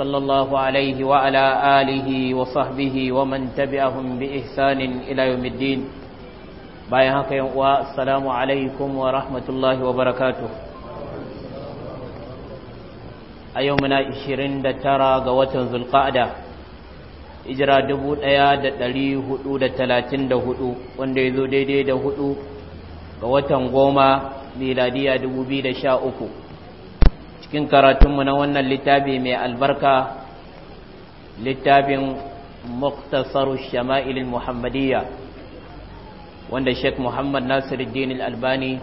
صلى الله عليه وعلى آله وصحبه ومن تبعهم بإحسان إلى يوم الدين باي هكا والسلام عليكم ورحمة الله وبركاته أيومنا إشيرين دترى قوة ذو القعدة إجرى دبو الأيا دتلي هدو دتلاتين دهدو واندي ذو ديدي دهدو قوة غوما ميلادية دبو بيد شاء أكو cikin karatunmu na wannan littafi mai albarka littafin muktasaru shama'ilin muhammadiyya wanda sheik muhammad nasiruddin albani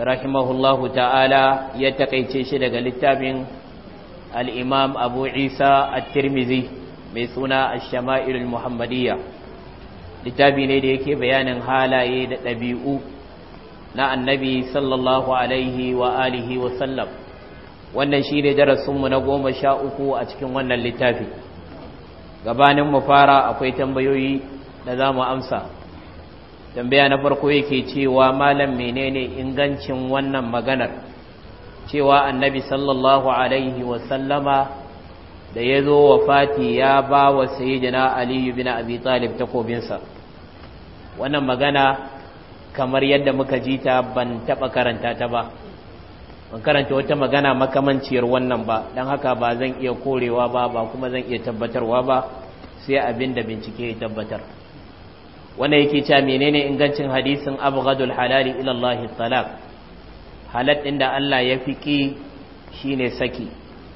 rahimahullahu ta'ala ya takaice shi daga littafin al'imam abu isa a tirmizi mai suna a shama'ilin muhammadiyya littafi ne da yake bayanin halaye da ɗabi'u na annabi sallallahu alaihi wa alihi sallam. wannan shi ne darasinmu na goma sha uku a cikin wannan littafi gabanin mu fara akwai tambayoyi da za mu amsa tambaya na farko yake cewa malam menene ingancin wannan maganar cewa annabi sallallahu alaihi wasallama da ya zo wa fati ya ba wa sayidina aliyu bin abi talib takobinsa wannan magana kamar yadda muka jita ban taɓa karanta ta ba ban karanta wata magana makamanciyar wannan ba don haka ba zan iya korewa ba ba kuma zan iya tabbatarwa ba sai abin da bincike ya tabbatar wanda yake cewa menene ingancin hadisin abghadul halali ila Allah talaq halal ɗin da Allah ya fiki shine saki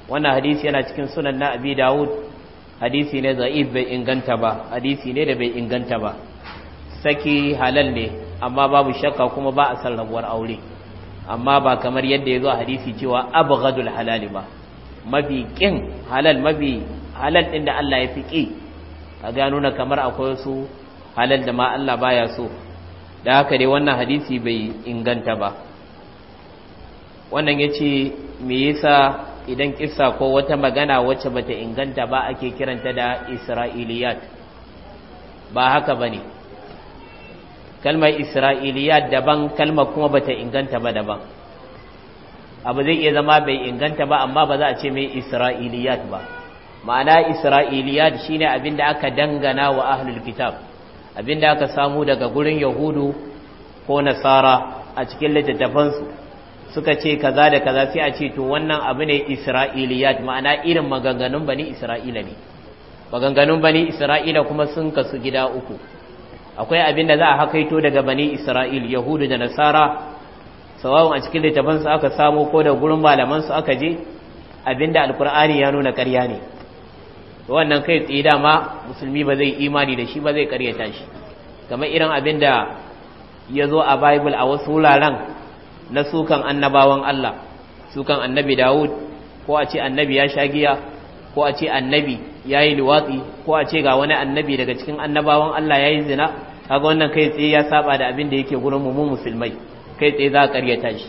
wannan hadisi yana cikin sunan na Abi Dawud hadisi ne za'if bai inganta ba hadisi ne da bai inganta ba saki halal ne amma babu shakka kuma ba a san rabuwar aure amma ba kamar yadda ya zo hadisi cewa abghadul halal ba mafi kin halal mafi halal din da Allah ya fiki a gano na kamar akwai su halal da ma Allah baya so da haka dai wannan hadisi bai inganta ba wannan yace me yasa idan kissa ko wata magana wacce bata inganta ba ake kiranta da isra'iliyat ba haka bane kalmar isra'iliya daban kalmar kuma bata inganta ba daban abu zai iya zama bai inganta ba amma ba za a ce mai isra'iliyat ba ma'ana isra'iliyat shine abin da aka dangana wa ahlul kitab abin da aka samu daga gurin yahudu ko nasara a cikin littattafansu suka ce kaza da kaza sai a ce to wannan abu ne isra'iliyat ma'ana irin maganganun bani isra'ila ne maganganun bani isra'ila kuma sun kasu gida uku akwai abin da za a hakaito daga bani isra'il yahudu da nasara sawawun a cikin littafansu aka samo ko da gurin malamansu aka je abin da alkur'ani ya nuna karya ne wannan kai tsaye dama musulmi ba zai imani da shi ba zai karyata shi kamar irin abin da ya zo a bible a wasu wuraren na sukan annabawan allah sukan annabi dawud ko a ce annabi ya sha giya ko a ce annabi ya yi liwatsi ko a ce ga wani annabi daga cikin annabawan Allah ya yi zina kaga wannan kai tsaye ya saba da abin da yake gurin mu musulmai kai tsaye za a karyata shi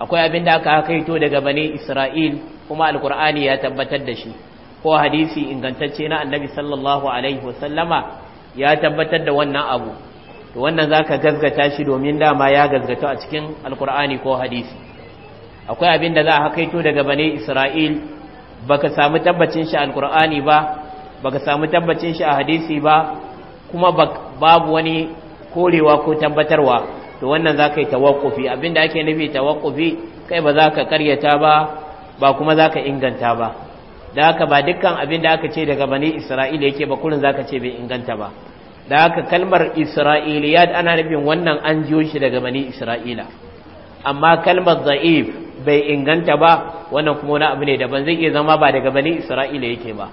akwai abin da aka kaito daga bani isra'il kuma alkur'ani ya tabbatar da shi ko hadisi ingantacce na annabi sallallahu alaihi wasallama ya tabbatar da wannan abu to wannan zaka gazgata shi domin dama ya gazgato a cikin alkur'ani ko hadisi akwai abin da za a kaito daga bani isra'il baka samu tabbacin shi alkur'ani ba baka samu tabbacin shi a hadisi ba kuma babu wani korewa ko tabbatarwa to wannan za ka yi tawakufi abinda ake nufi tawakufi kai ba za ka karyata ba ba kuma za ka inganta ba da haka ba dukkan abin da aka ce daga bani isra'ila yake ba kurin za ka ce bai inganta ba da haka kalmar isra'iliyat ana nufin wannan an jiyo shi daga bani isra'ila amma kalmar za'if bai inganta ba wannan kuma wani abu ne daban zai iya zama ba daga bani isra'ila yake ba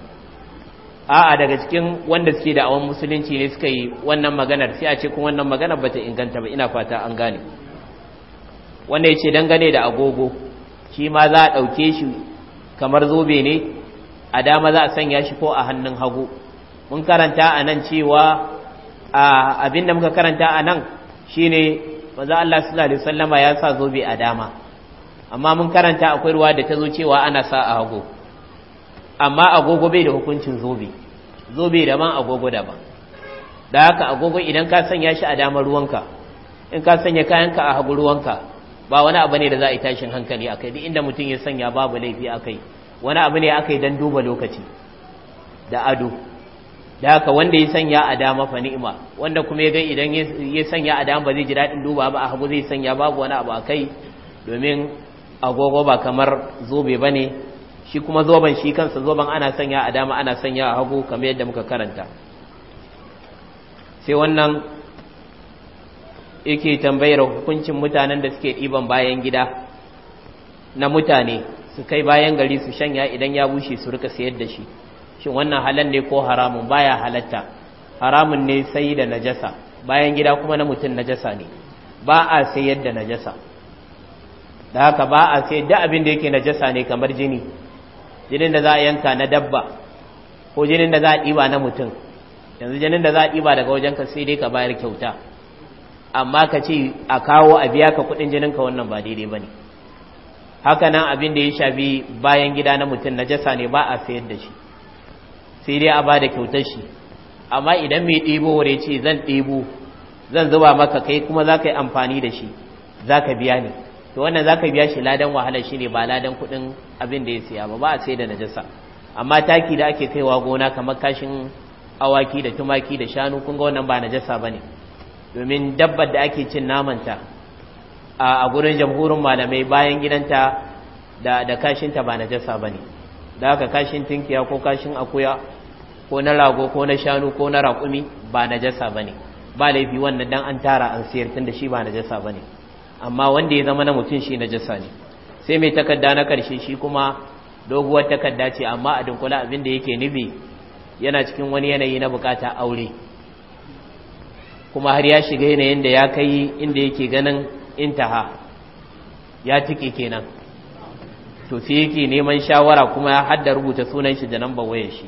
a'a daga cikin wanda suke da awon musulunci ne suka yi wannan maganar sai a ce kuma wannan maganar ta inganta ba ina fata an gane wanda ya ce dangane da agogo shi ma za a ɗauke shi kamar zobe ne a dama za a sanya shi ko a hannun hagu mun karanta a nan cewa abin da muka karanta a nan shine maza Allah sallallahu alaihi wasallama ya sa zobe a dama amma mun karanta akwai ruwa da ta zo cewa ana sa a hagu amma agogo bai da hukuncin zobe zobe da man agogo daban da haka agogo idan ka sanya shi a damar ruwanka in ka sanya kayanka a hagu ruwanka ba wani abu ne da za a yi tashin hankali akai duk inda mutum ya sanya babu laifi akai wani abu ne akai dan duba lokaci da ado da haka wanda ya sanya a dama fa ni'ima wanda kuma ya ga idan ya sanya a dama ba zai ji daɗin duba ba a hagu zai sanya babu wani abu akai domin agogo ba kamar zobe ba ne shi kuma zoben shi kansa zoben ana sanya a dama ana sanya a hagu kamar yadda muka karanta sai wannan yake tambayar hukuncin mutanen da suke ɗiban bayan gida na mutane su kai bayan gari su shanya idan ya bushe su rika sayar da shi shin wannan halal ne ko haramun baya halatta haramun ne sai da najasa bayan gida kuma na mutum najasa ne ba a sayar da najasa da haka ba a sai da abin da yake najasa ne kamar jini jinin da za a yanka na dabba ko jinin da za a ɗiba na mutum yanzu jinin da za a ɗiba daga wajenka sai dai ka bayar kyauta amma ka ce a kawo a biya ka kuɗin ka wannan ba daidai ba ne haka nan abin da ya shafi bayan gida na mutum najasa ne ba a sayar da shi sai dai a bada da kyautar shi amma idan mai ɗebo wuri ce zan ɗebo zan zuba maka kai kuma za ka yi amfani da shi za ka biya ne to wannan zaka biya shi ladan wahala shi ne ba ladan kudin abin da ya siya ba ba a sai da najasa amma taki da ake kaiwa gona kamar kashin awaki da tumaki da shanu kun ga wannan ba najasa bane domin dabbar da ake cin namanta a gurin jamhurin malamai bayan gidanta da da kashinta ba najasa bane da haka kashin tinkiya ko kashin akuya ko na rago ko na shanu ko na raƙumi ba najasa bane ba laifi wannan dan an tara an siyar da shi ba najasa bane amma wanda ya zama na mutum shi na jassa ne sai mai takarda na ƙarshe shi kuma doguwar takarda ce amma a dunkula abin da yake nufi yana cikin wani yanayi na bukata aure kuma har ya shiga yanayin da ya kai inda yake ganin intaha ya tike kenan to sai yake neman shawara kuma ya hadda rubuta sunan shi da nambar wayar shi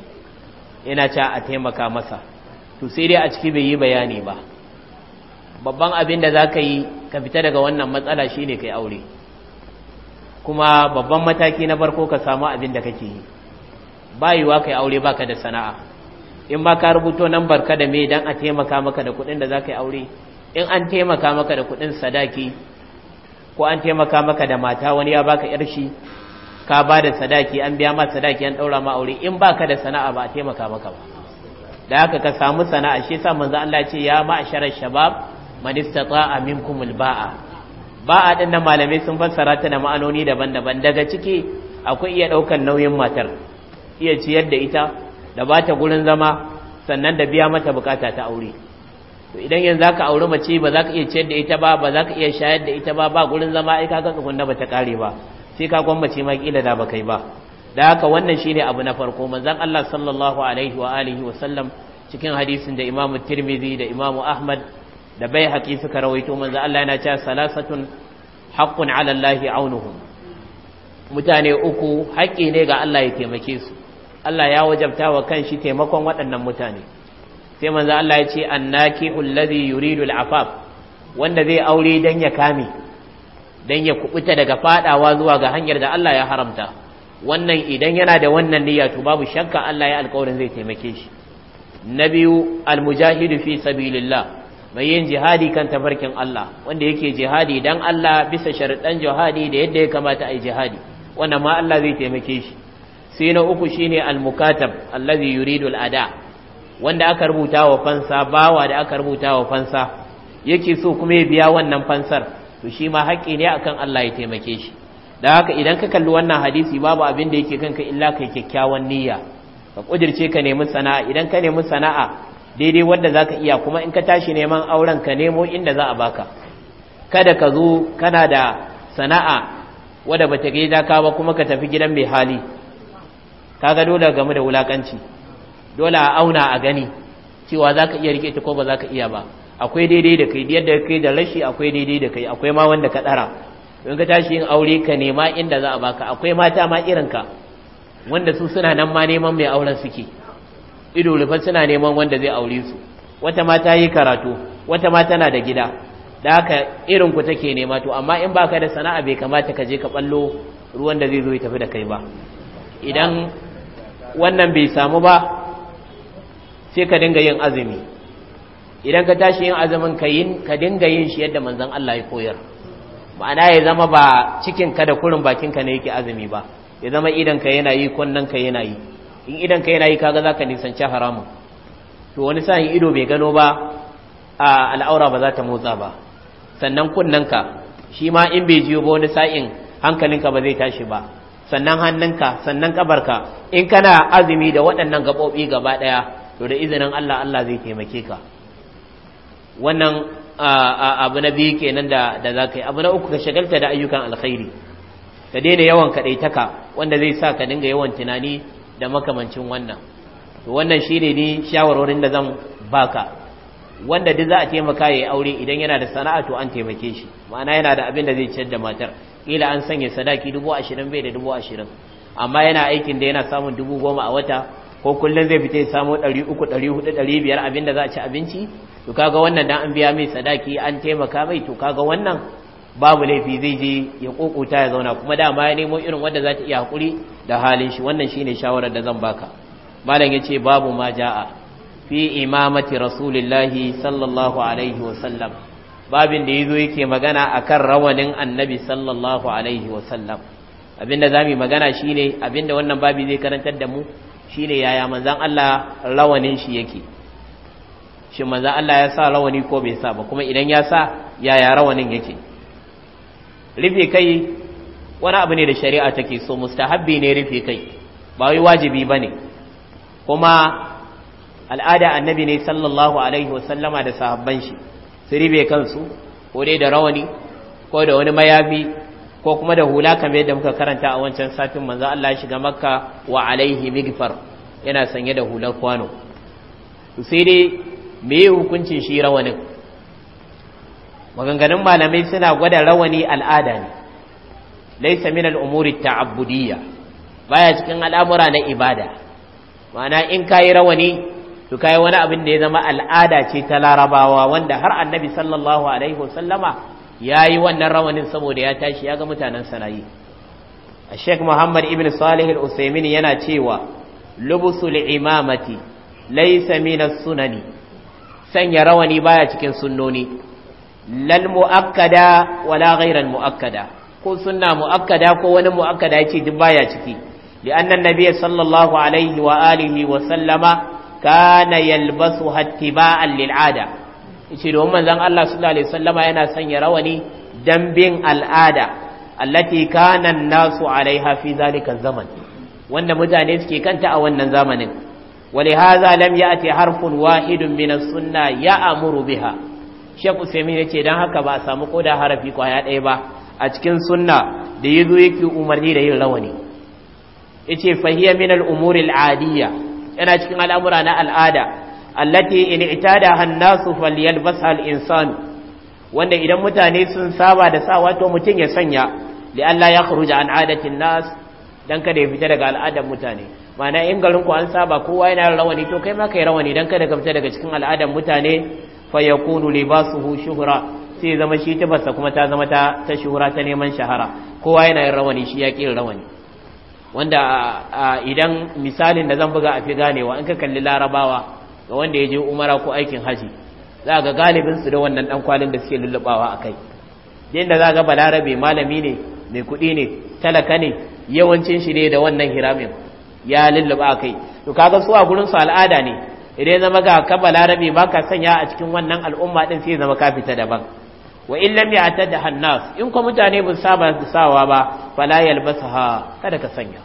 ina ca a taimaka masa to sai dai a ciki bai yi bayani ba babban abin da za ka yi ka fita daga wannan matsala shi ne ka aure kuma babban mataki na farko ka samu abin da kake yi bayuwa ka yi aure baka da sana'a in ba ka rubuto nan barka da me don a taimaka maka da kudin da za ka yi aure in an taimaka maka da kudin sadaki ko an taimaka maka da mata wani ya baka yar ka ba da sadaki an biya ma sadaki an daura ma aure in baka da sana'a ba a taimaka maka ba da haka ka samu sana'a shi yasa manzo Allah ya ce ya ma'asharar shabab man istata'a minkumul ba'a ba'a din nan malamai sun fassara ta da ma'anoni daban-daban daga ciki akwai iya ɗaukan nauyin matar iya ciyar da ita da ba ta gurin zama sannan da biya mata bukata ta aure idan yanzu zaka aure mace ba za ka iya ciyar da ita ba ba za ka iya shayar da ita ba ba gurin zama ai kaga tsugunna ba ta kare ba sai ka gwammace ma kila da ba kai ba da haka wannan shine abu na farko manzon Allah sallallahu alaihi wa alihi wa sallam cikin hadisin da Imam Tirmidhi da Imam Ahmad da bai haƙi suka rawaito manzo Allah yana cewa salasatun haqqun ala Allah aunuhum mutane uku haƙƙi ne ga Allah ya taimake su Allah ya wajabta wa kanshi taimakon waɗannan mutane sai manzo Allah ya ce annakihu alladhi yuridu al'afaf wanda zai aure dan ya kame dan ya kubuta daga fadawa zuwa ga hanyar da Allah ya haramta wannan idan yana da wannan niyya to babu shakka Allah ya alƙawarin zai taimake shi na biyu almujahidu fi sabilillah mai yin jihadi kan tafarkin Allah wanda yake jihadi dan Allah bisa sharaɗan jihadi da yadda ya kamata a yi jihadi wannan ma Allah zai taimake shi sai na uku shine al-mukatab allazi yuridu al-ada wanda aka rubuta wa fansa bawa da aka rubuta wa fansa yake so kuma ya biya wannan fansar to shi ma haƙƙi ne akan Allah ya taimake shi da haka idan ka kalli wannan hadisi babu abin da yake kanka illa kai kyakkyawan niyya ka kudirce ka nemi sana'a idan ka nemi sana'a daidai wanda za ka iya kuma in ka tashi neman auren ka nemo inda za a baka kada ka zo kana da sana'a wadda bata gida ka ba kuma ka tafi gidan mai hali kaga dole game da wulakanci dole a auna a gani cewa za ka iya rike ta ko ba za ka iya ba akwai daidai da kai yadda kai da rashi akwai daidai da kai akwai ma wanda ka dara in ka tashi yin aure ka nema inda za a baka akwai mata ma irin ka wanda su suna nan ma neman mai auren suke ido suna neman wanda zai aure su wata ma yi karatu wata mata na da gida da haka irin ku take nema to amma in baka da sana'a bai kamata ka je ka ballo ruwan da zai zo ya tafi da kai ba idan wannan bai samu ba sai ka dinga yin azumi idan ka tashi yin azumin ka yin ka dinga yin shi yadda manzon Allah ya koyar ma'ana ya zama ba cikin ka da kurin bakin ka ne yake azumi ba ya zama idan ka yana yi kunnan ka yana yi in idan ka yana yi kaga zaka nisanci haramun to wani sa'in ido bai gano ba a al'aura ba za ta motsa ba sannan kunnanka shi ma in bai jiyo ba wani sa'in hankalinka ba zai tashi ba sannan hannunka sannan kabarka in kana azumi da waɗannan gaɓoɓi gaba ɗaya to da izinin Allah Allah zai taimake ka wannan abu na biyu kenan da za ka yi abu na uku ka shagalta da ayyukan alkhairi ka daina yawan kaɗaitaka wanda zai sa ka dinga yawan tunani da makamancin wannan to wannan shine ne shawarorin da zan baka wanda duk za a taimaka yayi aure idan yana da sana'a to an taimake shi ma'ana yana da abin da zai ciyar da matar kila an sanya sadaki ashirin bai da ashirin, amma yana aikin da yana samun dubu goma a wata ko kullum zai fita ya samu 300 400 abin da za a ci abinci to kaga wannan dan an biya mai sadaki an taimaka mai to kaga wannan babu laifi zai je ya kokota ya zauna kuma dama ya nemo irin wanda za ta iya hakuri da halin shi wannan shine shawarar da zan baka malam yace babu ma jaa fi imamati rasulullahi sallallahu alaihi wa sallam babin da yazo yake magana a kan rawanin annabi sallallahu alaihi wa sallam abinda zamu magana shine abinda wannan babi zai karantar da mu shine yaya manzan Allah rawanin shi yake shin manzan Allah ya sa rawani ko bai sa ba kuma idan ya sa yaya rawanin yake rufe kai wani abu ne da shari'a take so mustahabbi ne rufe kai ba wai wajibi bane kuma al'ada annabi ne sallallahu alaihi wasallama da sahabban shi su rufe kansu ko dai da rawani ko da wani mayafi ko kuma da hula kamar yadda muka karanta a wancan satin manzo Allah shiga makka wa alaihi migfar yana sanye da hular kwano sai dai me hukuncin shi rawanin maganganun malamai suna gwada rawani al'ada ne laisa min al'umuri ta'abbudiyya baya cikin al'amura na ibada ma'ana in kayi rawani to kayi wani abin da ya zama al'ada ce ta larabawa wanda har annabi sallallahu alaihi wasallama ya yi wannan rawanin saboda ya tashi ya ga mutanen sanayi a sheik muhammad ibn salih al-usaimin yana cewa lubusul imamati laisa min sunani sanya rawani baya cikin sunnoni lal mu'akkada wala ghairal mu'akkada ko sunna mu'akkada ko wani mu'akkada yake duk baya ciki li anna nabiy sallallahu alaihi wa alihi wa sallama kana yalbasu hattiba'an lil ada yace domin manzon Allah sallallahu alaihi sallama yana sanya rawani dan bin al'ada allati kana nasu alaiha fi zalika zaman wanda mutane suke kanta a wannan zamanin ولهذا لم يأتي حرف واحد من السنة يأمر بها shekku sami ya ce don haka ba a samu koda harafi kwaya ɗaya ba a cikin sunna da ya zo yake umarni da yin rawani ya ce fahiyar min al'umuri al'adiyya yana cikin al'amura na al'ada allati in ita da hannasu faliyar basa insanu wanda idan mutane sun saba da sa wato mutum ya sanya da Allah ya kuruja an adatin nas don kada ya fita daga al'adar mutane mana in garin ku an saba kowa yana rawani to kai ma kai rawani don kada ka fita daga cikin al'adar mutane fayakunu libasuhu shuhra sai zama shi tabarsa kuma ta zama ta ta shuhra ta neman shahara kowa yana yin rawani shi ya kira rawani wanda idan misalin da zan buga a fi ganewa in ka kalli larabawa ga wanda ya je umara ko aikin haji za ga galibin su da wannan dan kwalin da suke lullubawa akai yadda za ga balarabe malami ne mai kuɗi ne talaka ne yawancin shi ne da wannan hiramin ya a kai to kaga su a gurin su al'ada ne idan zama ga ka balarabe ba ka sanya a cikin wannan al'umma din sai zama ka fita daban wa in lam ya'tad hannas in ko mutane ba saba da sawa ba fala yalbasaha kada ka sanya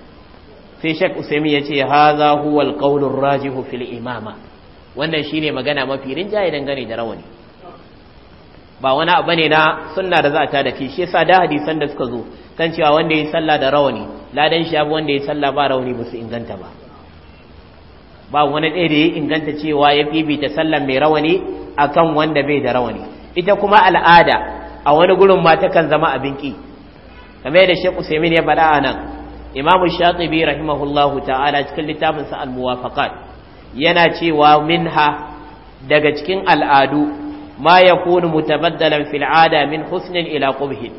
sai shek usaimi yace hadha huwa al-qawlu rajihu fil imama wannan shine magana mafi rinjaye dangane da rawani ba wani abu ne na sunna da za ta da shi yasa da hadisan da suka zo kan cewa wanda ya sallah da rawani ladan shi abu wanda ya sallah ba rawani ba su inganta ba ba wani ɗaya da ya inganta cewa ya fifita sallan mai rawani akan wanda bai da rawani ita kuma al'ada a wani gurin mata kan zama abin ki kamar yadda Sheikh Usaimin ya faɗa a nan Imam Shatibi rahimahullahu ta'ala cikin littafin sa al-Muwafaqat yana cewa minha daga cikin al'adu ma yakunu mutabaddalan fil 'ada min husnin ila ƙubhi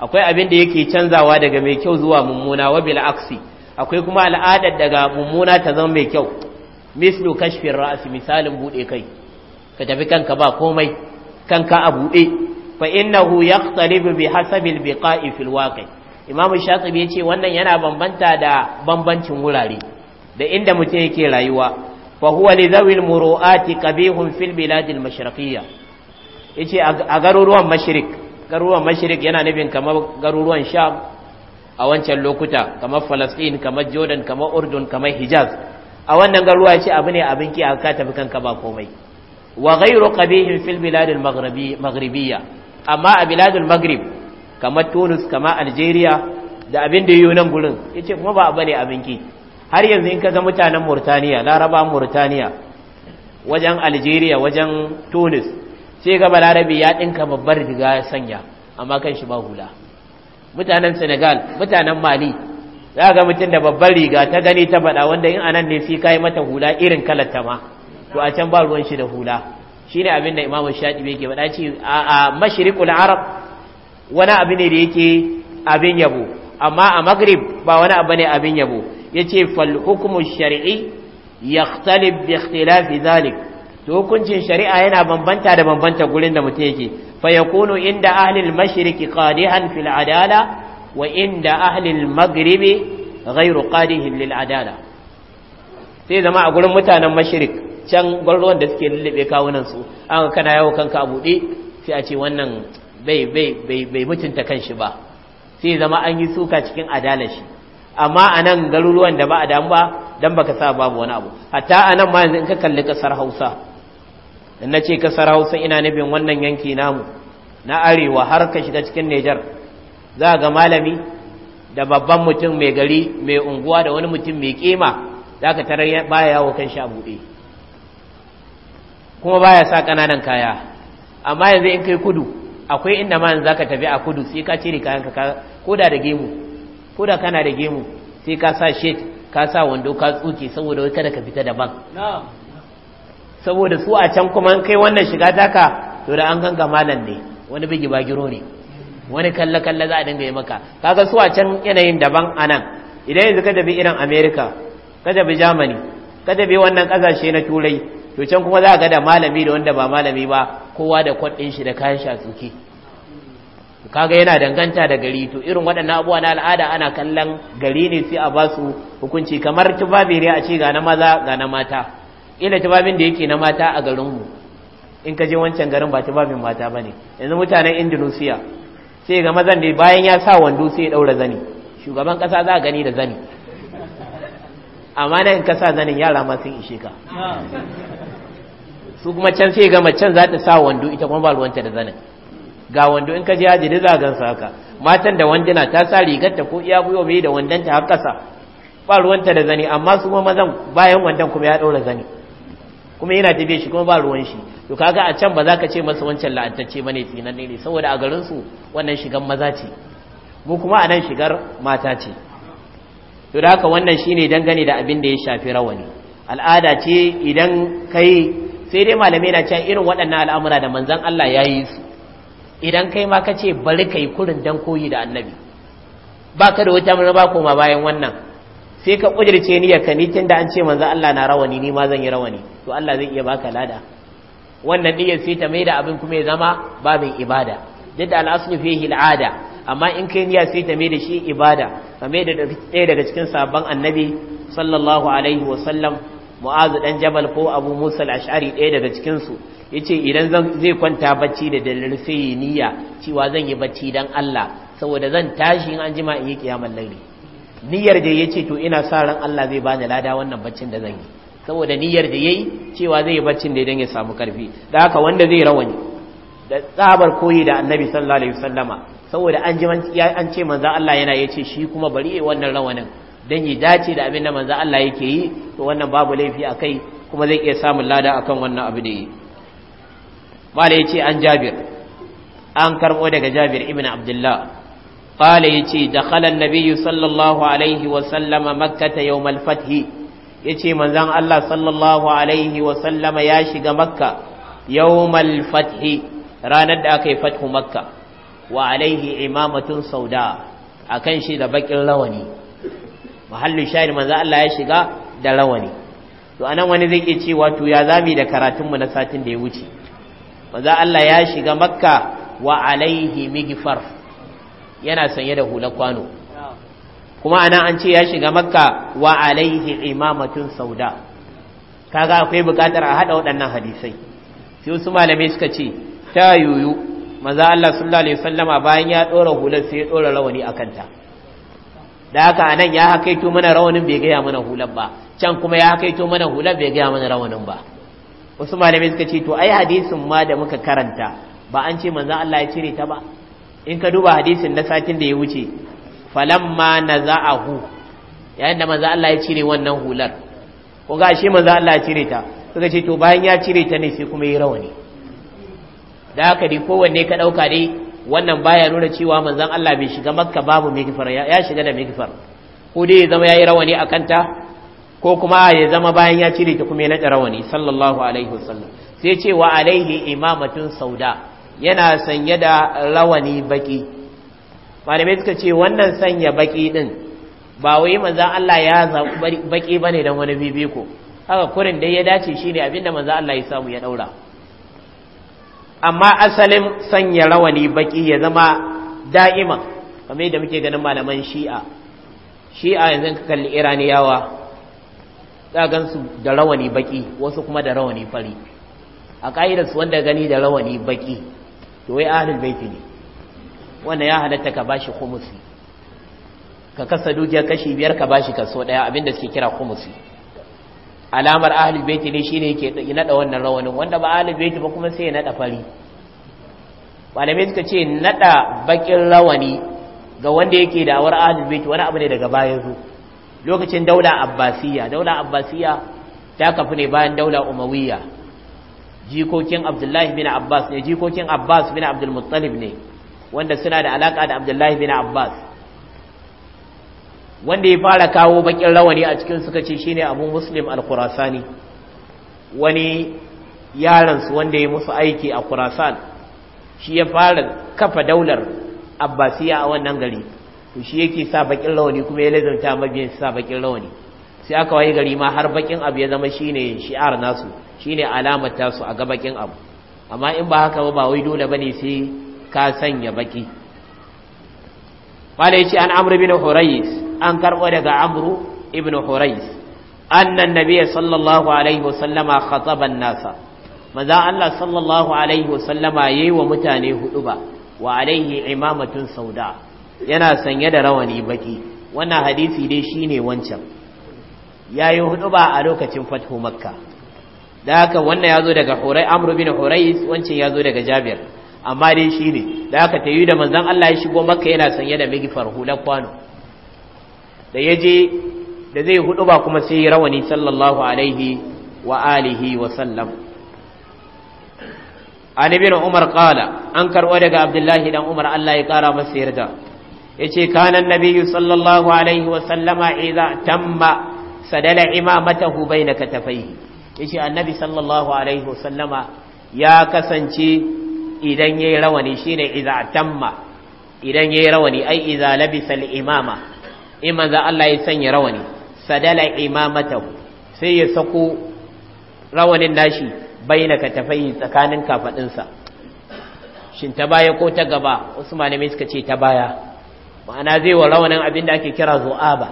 akwai abin da yake canzawa daga mai kyau zuwa mummuna wa bil aksi akwai kuma al'adar daga mummuna ta zama mai kyau mislu kashfin ra'asi misalin bude kai ka tafi kanka ba komai kanka a bude fa innahu yaqtalibu bi hasabil biqa'i fil waqi imamu shatibi yace wannan yana bambanta da bambancin wurare da inda mutum yake rayuwa fa huwa li zawil muru'ati qabihun fil biladil mashriqiyya yace a garuruwan mashrik garuruwan mashrik yana nufin kamar garuruwan sham a wancan lokuta kamar falastin kamar jordan kamar urdun kamar hijaz a wannan garuwa ce abu ne abin ki aka tafi kanka ba komai wa ghayru qabihin fil bilad al maghribiyya amma a bilad al maghrib kamar Tunis kamar Algeria da abin da yiwu nan gurin yace kuma ba bane abin ki har yanzu in ka ga mutanen Mauritania Laraba Mauritania wajen Algeria wajen Tunis sai ga Balarabi ya dinka babbar riga sanya amma kan shi ba hula mutanen Senegal mutanen Mali za ga mutum da babbar riga ta gani ta bada wanda in anan ne sai kai mata hula irin kalar ta ma to a can ba ruwan shi da hula shine abin da imamu shatibi yake bada ce a mashriqul arab wani abu ne da yake abin yabo amma a maghrib ba wani abu ne abin yabo yace fal hukmu shar'i yakhtalif bi ikhtilafi zalik to hukuncin shari'a yana bambanta da bambanta gurin da mutum yake fa yakunu inda ahli al-mashriqi qadihan fil adala wa inda ahlil maghribi ghairu qadihin lil adala sai zama a gurin mutanen mashirik can gwarruwan da suke lullube kawunan su an kana yawo kanka a buɗe sai a ce wannan bai bai bai shi mutunta ba sai zama an yi suka cikin adalar shi amma a nan garuruwan da ba a damu ba don baka sa babu wani abu hatta a nan ma yanzu in ka kalli kasar hausa in na kasar hausa ina nufin wannan yanki namu na arewa har ka shiga cikin Nijar za ga malami da babban mutum mai gari mai unguwa da wani mutum mai kima za ka tarar baya yawo kan sha buɗe kuma baya sa ƙananan kaya amma yanzu in kai kudu akwai inda ma za ka tafi a kudu sai ka cire kayan ka koda da gemu koda kana da gemu sai ka sa shet ka sa wando ka tsuke saboda wai kada ka fita daban saboda su a can kuma kai wannan shiga taka to da an ganga malam ne wani bigi bagiro ne wani kalle kalle za a dinga yi maka kaga su can yanayin daban a nan idan yanzu ka dabi irin Amerika ka dabi germany ka dabi wannan kasashe na turai to can kuma za ga da malami da wanda ba malami ba kowa da kwadin shi da kayan shi a tsuke kaga yana danganta da gari to irin waɗannan abuwa na al'ada ana kallon gari ne sai a ba su hukunci kamar tubabi a ce ga na maza ga na mata ila tubabin da yake na mata a garinmu in ka je wancan garin ba tubabin mata ba ne yanzu mutanen indonesia sai ga mazan da bayan ya sa wando sai ya daura zani shugaban kasa za a gani da zani amma nan ka sa zanin yara ma sun ishe ka su kuma can sai ga macen za ta sa wando ita kuma ba ruwanta da zanin ga wando in ka ji haji da zagan sa haka matan da wandina ta sa rigarta ko iya guyo mai da wandanta har kasa ba ruwanta da zani amma su kuma mazan bayan wandan kuma ya daura zani kuma yana tafiye shi kuma ba ruwan shi to kaga a can ba za ka ce masa wancan la'antacce bane tsinanne ne saboda a garin su wannan shigan maza ce mu kuma a nan shigar mata ce to da haka wannan shine dangane da abin da ya shafi rawani al'ada ce idan kai sai dai malamai na cewa irin waɗannan al'amura da manzon Allah ya yi su idan kai ma ka ce bari kai kurin dan koyi da annabi ba ka da wata ba koma bayan wannan sai ka kujirce niyyar ka ni tunda an ce manzon Allah na rawani ni ma zan yi rawani to Allah zai iya baka lada wannan niyyar sai ta mai da abin kuma ya zama babin ibada duk da al'aslu fihi al'ada amma in kai niyya sai ta mai da shi ibada mai da ɗaya daga cikin sabon annabi sallallahu alaihi wa sallam mu'azu dan jabal ko abu musa al-ash'ari ɗaya daga cikin su yace idan zan zai kwanta bacci da dalil sai niyya cewa zan yi bacci dan Allah saboda zan tashi in an jima in yi kiyamar laili niyyar da yace to ina sa ran Allah zai bani lada wannan baccin da zan yi saboda niyyar da yayi cewa zai baccin da idan ya samu karfi da haka wanda zai rawani da tsabar koyi da annabi sallallahu alaihi wasallama saboda an ji an ce manzo Allah yana ce shi kuma bari yayi wannan rawanin dan yi dace da abin da manzo Allah yake yi to wannan babu laifi akai kuma zai iya samun lada akan wannan abu ne yi mala yace an Jabir an karbo daga Jabir ibn Abdullah قال yace دخل النبي sallallahu alaihi عليه وسلم makkata يوم الفتح ya ce manzan Allah sallallahu Alaihi wasallama ya shiga makka yawmal fathi ranar da aka yi fathu makka wa alaihi imamatun sauda a kan shi da bakin rawani mahallin shayar manzan Allah ya shiga da rawani to anan wani zai ke ce wato ya zami da karatunmu na satin da ya wuce manzan Allah ya shiga makka wa alaihi migifar yana sanye da hula kwano kuma ana an ce ya shiga makka wa alaihi imamatun sauda kaga akwai bukatar a hada waɗannan hadisai sai wasu malamai suka ce ta yuyu maza Allah sallallahu alaihi wasallama bayan ya dora hular sai ya dora rawani akan ta da haka anan ya hakaito mana rawanin bai gaya mana hular ba can kuma ya hakaito mana hular bai gaya mana rawanin ba wasu malamai suka ce to ai hadisin ma da muka karanta ba an ce manzo Allah ya cire ta ba in ka duba hadisin na satin da ya wuce falamma naza'ahu yayin da manzo Allah ya cire wannan hular ko ga shi manzo Allah ya cire ta suka ce to bayan ya cire ta ne sai kuma yi rawani da haka dai kowanne ka dauka dai wannan baya nuna cewa manzo Allah bai shiga makka babu gifar ya shiga da gifar ko dai ya zama yayi rawani akan ta ko kuma ya zama bayan ya cire ta kuma ya nada rawani sallallahu alaihi wasallam sai ce wa alaihi imamatun sauda yana sanye da rawani baki malamai suka ce wannan sanya baki din ba wai manzan Allah ya zaɓi baki bane dan wani bibiko haka kurin dai ya dace shine abinda manzan Allah ya samu ya daura amma asalin sanya rawani baki ya zama da'ima kamar yadda muke ganin malaman shi'a shi'a yanzu ka kalli iraniyawa za gansu da rawani baki wasu kuma da rawani fari a ƙa'idarsu wanda gani da rawani baki to wai ahlul baiti ne wanda ya halatta ka bashi kumusi ka kasa dukiyar kashi biyar ka bashi kaso daya abinda suke kira kumusi alamar ahli baiti ne shine yake nada wannan rawani wanda ba ahli baiti ba kuma sai ya nada fari malamai suka ce nada bakin rawani ga wanda yake da awar ahli baiti wani abu ne daga baya zo lokacin daula abbasiya daula abbasiya ta kafu ne bayan daula umawiya jikokin abdullahi bin abbas ne jikokin abbas bin abdul muttalib ne wanda suna da alaka da abdullahi bin abbas wanda ya fara kawo bakin rawani a cikin suka ce shine abu muslim al-qurasani wani su wanda ya musu aiki a kurasan shi ya fara kafa daular abbasiya a wannan gari to shi yake sa bakin rawani kuma ya lazanta mabiyan sa bakin rawani sai aka waye gari ma har bakin abu ya zama shine shi'ar nasu shine alamar tasu a ga bakin abu amma in ba haka ba wai dole bane sai ka sanya baki wala yace an amr bin hurais an karbo daga amru ibn hurais annan nabiyyi sallallahu alaihi wasallama khataba an-nasa maza Allah sallallahu alaihi wasallama yayi wa mutane ba wa alaihi imamatun sauda yana sanye da rawani baki wannan hadisi dai shine wancan yayi ba a lokacin Fatho makka da haka wannan yazo daga Horai amru bin hurais wancan yazo daga jabir amma dai shi ne da aka tayi da manzan Allah ya shigo maka yana sanye da migifar hular kwano da ya je da zai hudu ba kuma sai ya rawani sallallahu alaihi wa alihi wa sallam an ibn umar qala an karwa daga abdullahi dan umar Allah ya kara masa yarda ya yace kana annabi sallallahu alaihi wa sallama idza tamma sadala imamatahu bainaka tafaihi yace annabi sallallahu alaihi wa sallama ya kasance idan yayi rawani shine iza tamma idan yayi rawani ai iza labisa al-imama in manzo Allah ya sanya rawani sadala imamatahu sai ya sako rawanin nashi ka katafai tsakanin kafadinsa shin ta baya ko ta gaba usmane mai suka ce ta baya ma'ana zai wa rawanin abin da ake kira zu'aba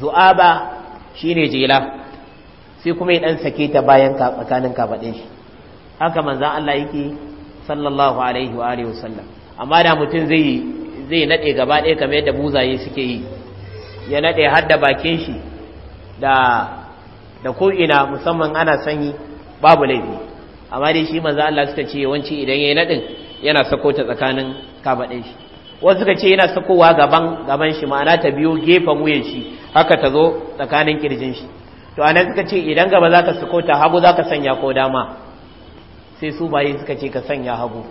zu'aba shine jela sai kuma ya dan sake ta bayan tsakanin kafadin shi haka manzan Allah yake sallallahu alaihi wa alihi wasallam amma da mutum zai zai nade gaba ɗaya kamar yadda buzaye suke yi ya nade har da bakin shi da da ko ina musamman ana sanyi babu laifi amma dai shi manzo Allah suka ce yawanci idan yayi nadin yana sako ta tsakanin ɗin shi wasu suka ce yana sakowa gaban gaban shi ma'ana ta biyo gefen wuyan shi haka ta zo tsakanin kirjin shi to anan suka ce idan gaba zaka sako ta hagu zaka sanya ko dama sai su baye suka ce ka sanya hagu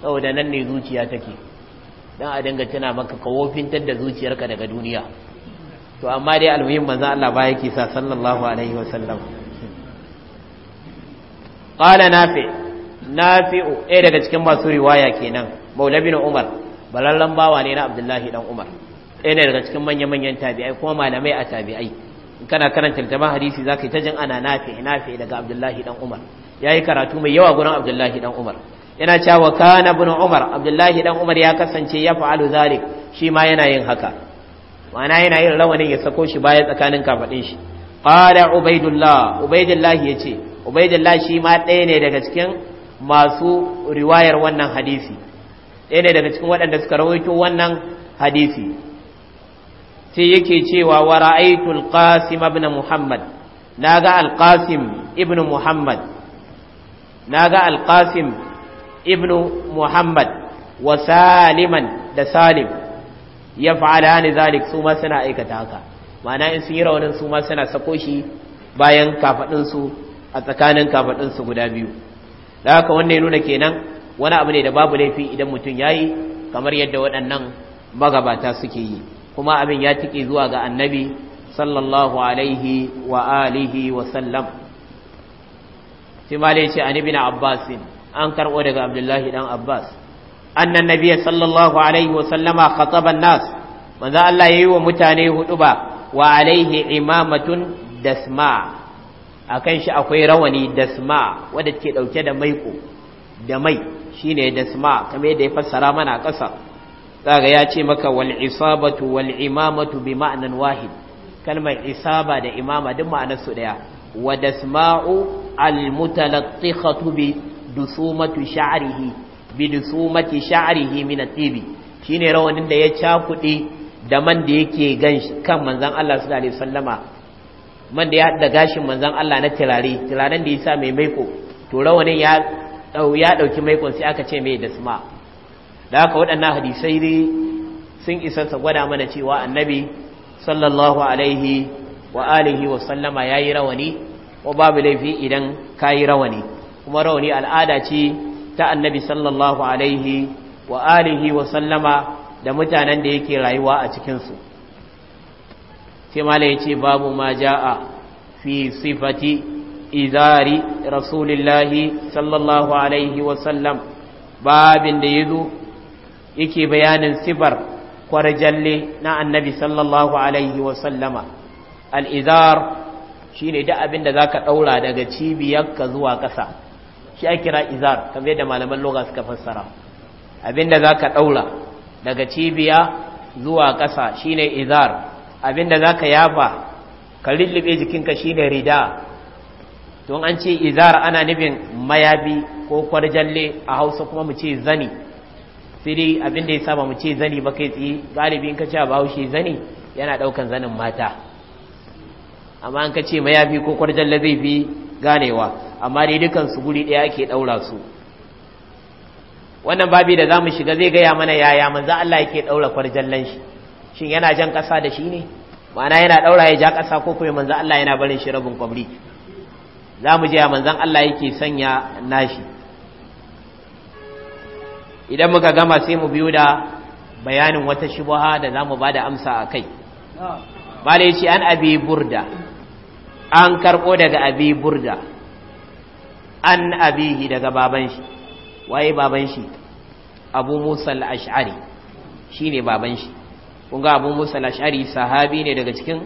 saboda nan ne zuciya take dan a dinga tana maka kawofintar da zuciyarka daga duniya to amma dai almuhim manzo Allah ba yake sa sallallahu alaihi wasallam qala nafi nafi'u eh daga cikin masu riwaya kenan maulabi bin umar balallan bawa ne na abdullahi dan umar eh daga cikin manyan manyan tabi'ai kuma malamai a tabi'ai kana karanta littafin hadisi zaka yi ta jin ana nafi nafi daga abdullahi dan umar yayi karatu mai yawa gurin abdullahi dan umar yana cewa kana ibn umar abdullahi dan umar ya kasance ya fa'alu zalik shi ma yana yin haka ma'ana yana yin rawanin ya sako shi baya tsakanin kafadin shi qala ubaidullah ubaidullah yace ubaidullah shi ma ɗaya ne daga cikin masu riwayar wannan hadisi ɗaya ne daga cikin waɗanda suka rawaito wannan hadisi sai yake cewa wa ra'aytul qasim ibn muhammad naga al qasim ibn muhammad na ga alƙasim ibn muhammad wa saliman da salim ya fa'ala ne zalik su ma suna aikata haka mana in sun yi raunin su ma suna sako shi bayan kafaɗinsu a tsakanin kafaɗinsu guda biyu da haka wannan nuna kenan wani abu ne da babu laifi idan mutum ya yi kamar yadda waɗannan magabata suke yi kuma abin ya tiƙe zuwa ga annabi sallallahu alaihi wa alihi wa sallam sai ma ce an ibn an karbo daga abdullahi dan abbas annan nabiy sallallahu alaihi wa sallama khataba nas manzo Allah yayi wa mutane ba wa alaihi imamatun dasma akan shi akwai rawani dasma wanda ke dauke da maiko da mai shine dasma kamar yadda ya fassara mana ƙasa kaga ya ce maka wal isabatu wal imamatu bi ma'anan wahid kalmar isaba da imama duk ma'anar su daya wa dasma'u almutalattikhatu bi dusumatu sha'rihi bi dusumati sha'rihi min at-tibi shine rawanin da ya cakude da man da yake kan manzon Allah sallallahu alaihi wasallama man da ya hada gashin manzon Allah na tirare tiraren da yasa mai maiko to rawanin ya dau ya dauki maikon sai aka ce mai dasma da haka waɗannan hadisai sun isa su gwada mana cewa annabi sallallahu alaihi wa alihi wa sallama ya yi rawani wa babu laifi idan ka yi rawani kuma rawani al'ada ce ta annabi sallallahu alaihi wa alihi wa sallama da mutanen da yake rayuwa a cikinsu. su sai mala yace babu ma jaa fi sifati izari rasulillahi sallallahu alaihi wa sallam babin da ya yazo yake bayanin sifar kwarjalle na annabi sallallahu alaihi wa sallama al'izar shi ne da abin da za ka ɗaura daga cibiyarka zuwa ƙasa shi ake kira izar kamar yadda malaman loga suka fassara abin da za ka ɗaura daga cibiya zuwa ƙasa shi ne izar abin da za ka yafa ka lullube jikinka shi ne rida don an ce izar ana nufin mayabi ko kwarjalle a hausa kuma mu ce zani sai abin da ya saba mu ce zani ba kai tsaye galibin ka ce a bahaushe zani yana ɗaukan zanin mata amma an kace mayafi ko kwarjalla zai fi ganewa amma dai dukan su guri daya ake daura su wannan babi da zamu shiga zai gaya mana yaya manzo Allah yake daura kwarjallan shi shin yana jan kasa da shi ne mana yana daura ya ja kasa ko kuma manzo Allah yana barin shi rabin kwabri zamu je ya manzo Allah yake sanya nashi idan muka gama sai mu biyo da bayanin wata shubha da zamu bada amsa akai malai ce an abi burda an karɓo daga abi burda an abihi daga baban shi waye baban shi abu musa al-ash'ari baban shi kunga abu musa ashari sahabi ne daga cikin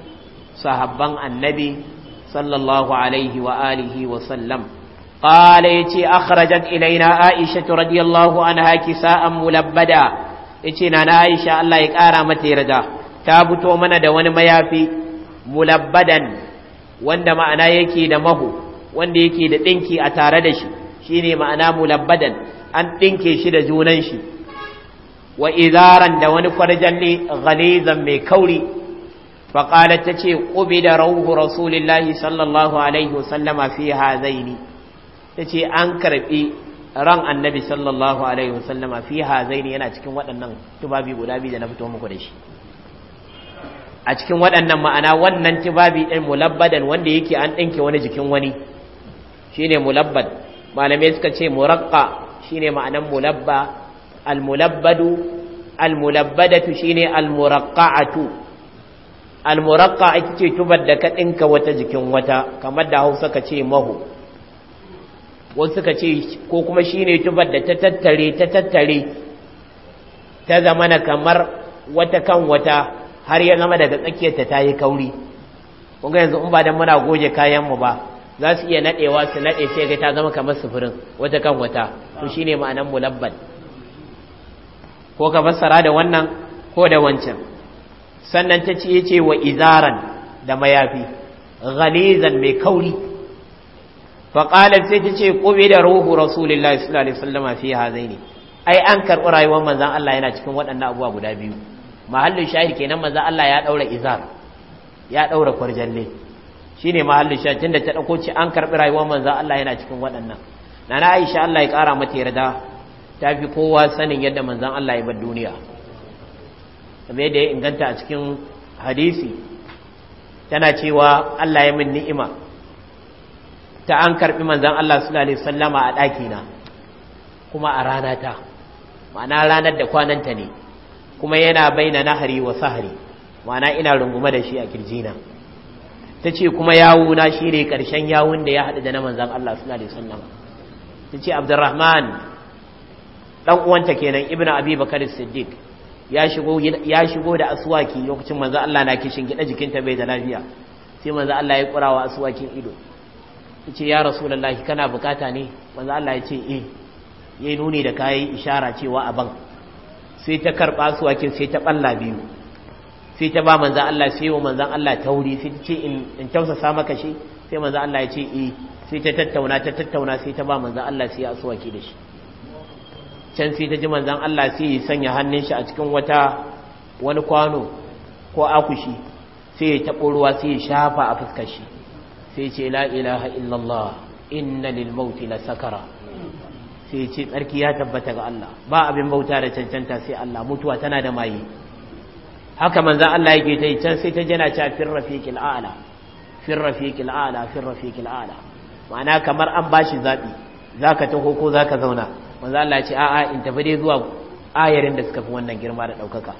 sahabban annabi sallallahu alaihi wa alihi wa sallam radiyallahu an أخرجت sa'an mulabbada ya ce na كساء ملبدا يتي نانا عائشة الله يكارا ta buto mana da wani mayafi mulabbadan. wanda ma'ana yake da mahu wanda yake da dinki a tare da shi shine ma'ana mulabbadan an dinke shi da junan shi wa izaran da wani kwarjan ne ghalizan mai kauri fa qalat tace qubida rauhu rasulillahi sallallahu alaihi wasallama fi hazaini tace an karbi ran annabi sallallahu alaihi wasallama fi hazaini yana cikin waɗannan tubabi guda biyu da na fito muku da shi a cikin waɗannan ma'ana wannan tibabi ɗin mulabbadan wanda yake an ɗinke wani jikin wani shine mulabbad malamai suka ce shi ne ma'anan mulabba almulabbadu almulabbadatu shine almuraqqa'atu almuraqqa ake ce tubar da ka ɗinka wata jikin wata kamar da Hausa ka ce maho wasu suka ce ko kuma shi ne tubar da ta tattare ta tattare ta zamana kamar wata kan wata har ya zama daga tsakiyarta ta yi kauri kun ga yanzu in ba dan muna goge kayan mu ba za su iya naɗewa su naɗe sai ga ta zama kamar sufurin wata kan wata to shine ma'anan mulabbal ko ka fassara da wannan ko da wancan sannan ta ce yace wa izaran da mayafi ghalizan mai kauri fa qalat sai ta ce qubi da ruhu rasulullahi sallallahu alaihi wasallam fi hazaini ai an karɓi rayuwar manzon Allah yana cikin waɗannan abubuwa guda biyu mahallin shahir kenan manzo Allah ya daura izar ya daura kwarjalle shine mahallin shahir tunda ta dauko ci an karbi rayuwar manzo Allah yana cikin waɗannan nana Aisha Allah ya kara mata yarda ta fi kowa sanin yadda manzo Allah ya bar duniya kamar yadda ya inganta a cikin hadisi tana cewa Allah ya min ni'ima ta an karbi manzo Allah sallallahu alaihi wasallama a na kuma a rana ta ma'ana ranar da kwananta ne kuma yana bai na nahari wa sahari mana ina rungume da shi a kirjina ta ce kuma na shi ne ƙarshen yawun da ya haɗu da na manzan Allah suna da sallama ta ce abdurrahman ɗan uwanta kenan ibn abi bakar siddiq ya shigo da asuwaki lokacin manzan Allah na kishin gida jikinta bai da lafiya sai manzan Allah ya ƙura wa asuwakin ido ta ce ya rasulallahi kana bukata ne manzan Allah ya ce eh ya nuni da kayan ishara cewa a bank sai ta karɓa suwakin sai ta ɓalla biyu sai ta ba manzan Allah sai wa manzan Allah tauri sai ta ce in tausasa maka shi sai manzan Allah ya ce e sai ta tattauna ta tattauna sai ta ba manzan Allah sai ya suwaki da shi can sai ta ji manzan Allah sai ya sanya hannun shi a cikin wata wani kwano ko akushi sai ya taɓo ruwa sai ya shafa a fuskar shi sai ce la ilaha illallah inna lil mauti la sakara sai ce tsarki ya tabbata ga Allah ba abin bauta da cancanta sai Allah mutuwa tana da maye haka manzan Allah yake ta yi can sai ta jana cewa fir rafiqil a'la fir rafiqil a'la ma'ana kamar an bashi zabi zaka taho ko zaka zauna manzan Allah ya ce a'a in tafi dai zuwa ayarin da suka fi wannan girma da daukaka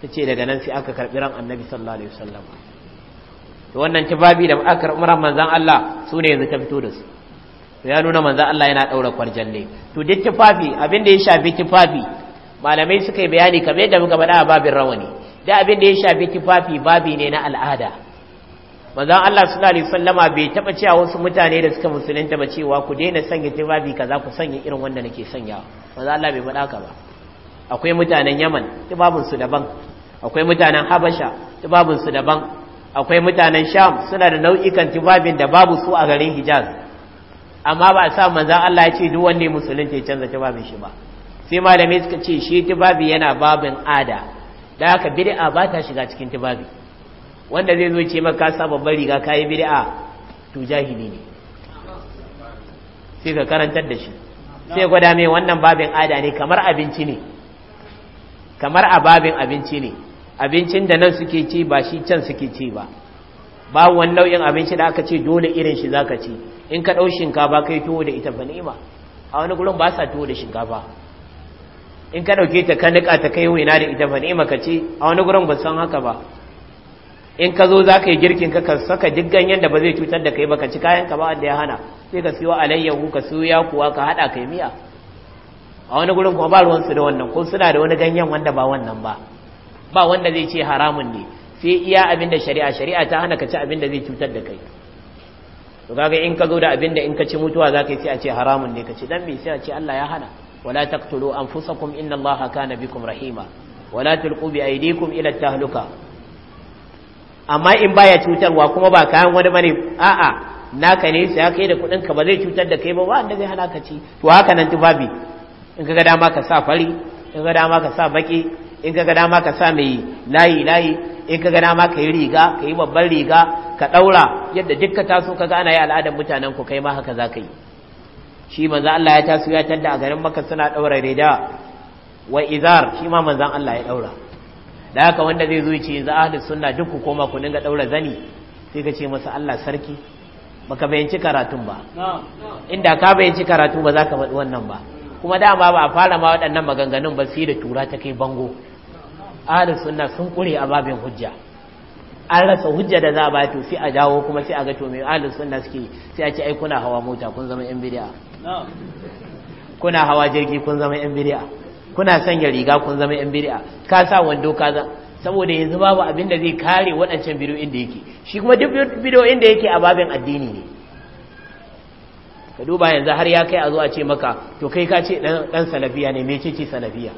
tace daga nan sai aka karbi ran annabi sallallahu alaihi wasallam to wannan tibabi da aka karbi ran manzan Allah sune yanzu ta fito da su ya nuna manzan Allah yana daura kwarjalle to duk tufafi abin da ya shafi tufafi malamai suka yi bayani kamar yadda muka faɗa a babin rawani da abin da ya shafi tufafi babi ne na al'ada manzan Allah suna alaihi bai taba cewa wasu mutane da suka musulunta ba cewa ku daina sanya tufafi kaza ku sanya irin wanda nake sanya. manzan Allah bai faɗa ka ba akwai mutanen Yaman tufafin su daban akwai mutanen Habasha tufafin su daban akwai mutanen Sham suna da nau'ikan tufafin da babu su a garin Hijaz amma ba a sa manzan Allah ya ce duk wanda ya musulunta ya canza tubabin shi ba sai malamai suka ce shi tubabi yana babin ada da haka bid'a ba ta shiga cikin tubabi wanda zai zo ce maka sa babbar riga kayi bid'a to jahili ne sai ka karantar da shi sai gwada mai wannan babin ada ne kamar abinci ne kamar a babin abinci ne abincin da nan suke ci ba shi can suke ci ba babu wani nau'in abinci da aka ce dole irin shi zaka ci in ka ɗau shinkafa kai tuwo da ita ba a wani gurin ba sa tuwo da shinkafa in ka ɗauke ta ka ta kai waina da ita ba ka ce a wani gurin ba san haka ba in ka zo za ka yi girkin ka saka duk ganyen da ba zai cutar da kai ba ka ci kayan ka ba wanda ya hana sai ka siyo alayyahu ka siyo yakuwa ka haɗa kai miya a wani gurin kuma ba ruwansu da wannan ko suna da wani ganyen wanda ba wannan ba ba wanda zai ce haramun ne sai iya abin da shari'a shari'a ta hana ka ci abin da zai cutar da kai to kaga in ka zo da abin da in ka ci mutuwa zaka ka yi sai a ce haramun ne ka ci dan me sai a ce Allah ya hana wala taqtulu anfusakum inna Allaha kana bikum rahima wala tulqu bi aydikum ila tahluka amma in baya cutarwa kuma ba kayan wani bane a'a naka ne sai kai da kudin ka ba zai cutar da kai ba ba wanda zai hana ka ci to haka nan tufafi in kaga dama ka sa fari in kaga dama ka sa baki in ka ga dama ka sa mai layi layi in ka ga dama ka yi riga ka yi babban riga ka ɗaura yadda dukka taso ka ga ana yi al'adar mutanen ku kai ma haka za ka yi shi manzan Allah ya taso ya tadda a garin maka suna ɗaura reda wa izar shi ma manzan Allah ya ɗaura da haka wanda zai zo ce yanzu ahlus sunna duk ku koma ku dinga ɗaura zani sai ka ce masa Allah sarki baka bayanci karatun ba inda ka bayanci karatu ba za ka faɗi wannan ba kuma dama ba a fara ma waɗannan maganganun ba sai da tura ta kai bango ahlus sunna sun kure a babin hujja an rasa hujja da za a ba to sai a dawo kuma sai a ga to mai ahlus sunna suke sai a ce ai kuna hawa mota kun zama yan bid'a kuna hawa jirgi kun zama yan bid'a kuna sanya riga kun zama yan bid'a ka sa wando ka za saboda yanzu babu abin da zai kare waɗancan bidiyoyin da yake shi kuma duk bidiyoyin da yake a babin addini ne ka duba yanzu har ya kai a zo a ce maka to kai ka ce dan salafiya ne me ce ce salafiya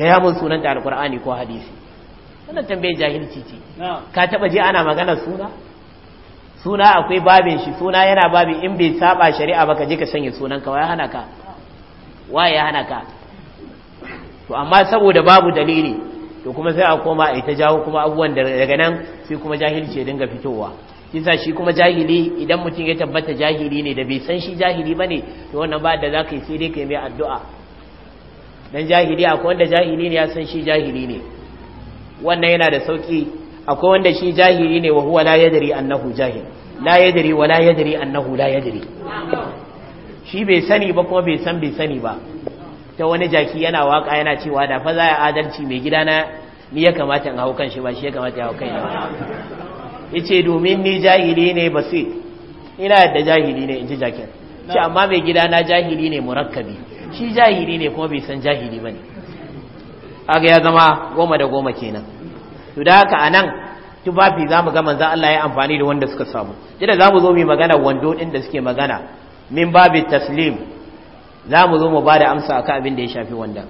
gaya mun sunan da alkur'ani ko hadisi wannan tambayar jahilci ce ka taba ji ana magana suna suna akwai babin shi suna yana babin in bai saba shari'a ba ka je ka sanya sunan ka waya hana ka waye ya hana ka to amma saboda babu dalili to kuma sai a koma a ita jawo kuma abubuwan daga nan sai kuma jahilci ya dinga fitowa kisa shi kuma jahili idan mutum ya tabbata jahili ne da bai san shi jahili bane to wannan ba da zaka yi sai dai ka kai mai addu'a dan jahili akwai wanda jahili ne ya san shi jahili ne wannan yana da sauki akwai wanda shi jahili ne wa huwa la yadri annahu jahil la yadri wa la yadri annahu la yadri shi bai sani ba kuma bai san bai sani ba ta wani jaki yana waka yana cewa da fa za a adalci mai gidana ni ya kamata in hau kan shi ba shi ya kamata ya hau kai na yace domin ni jahili ne ba sai, ina da jahili ne inji jakin shi amma mai gidana jahili ne murakkabi shi jahili ne kuma bai san jahili ba ne aga ya zama goma da goma kenan to da haka anan nan tufafi za mu ga manzo Allah ya amfani da wanda suka samu jida za mu zo mu magana wando ɗin da suke magana min babi taslim za mu zo mu ba da amsa akan abin da ya shafi wanda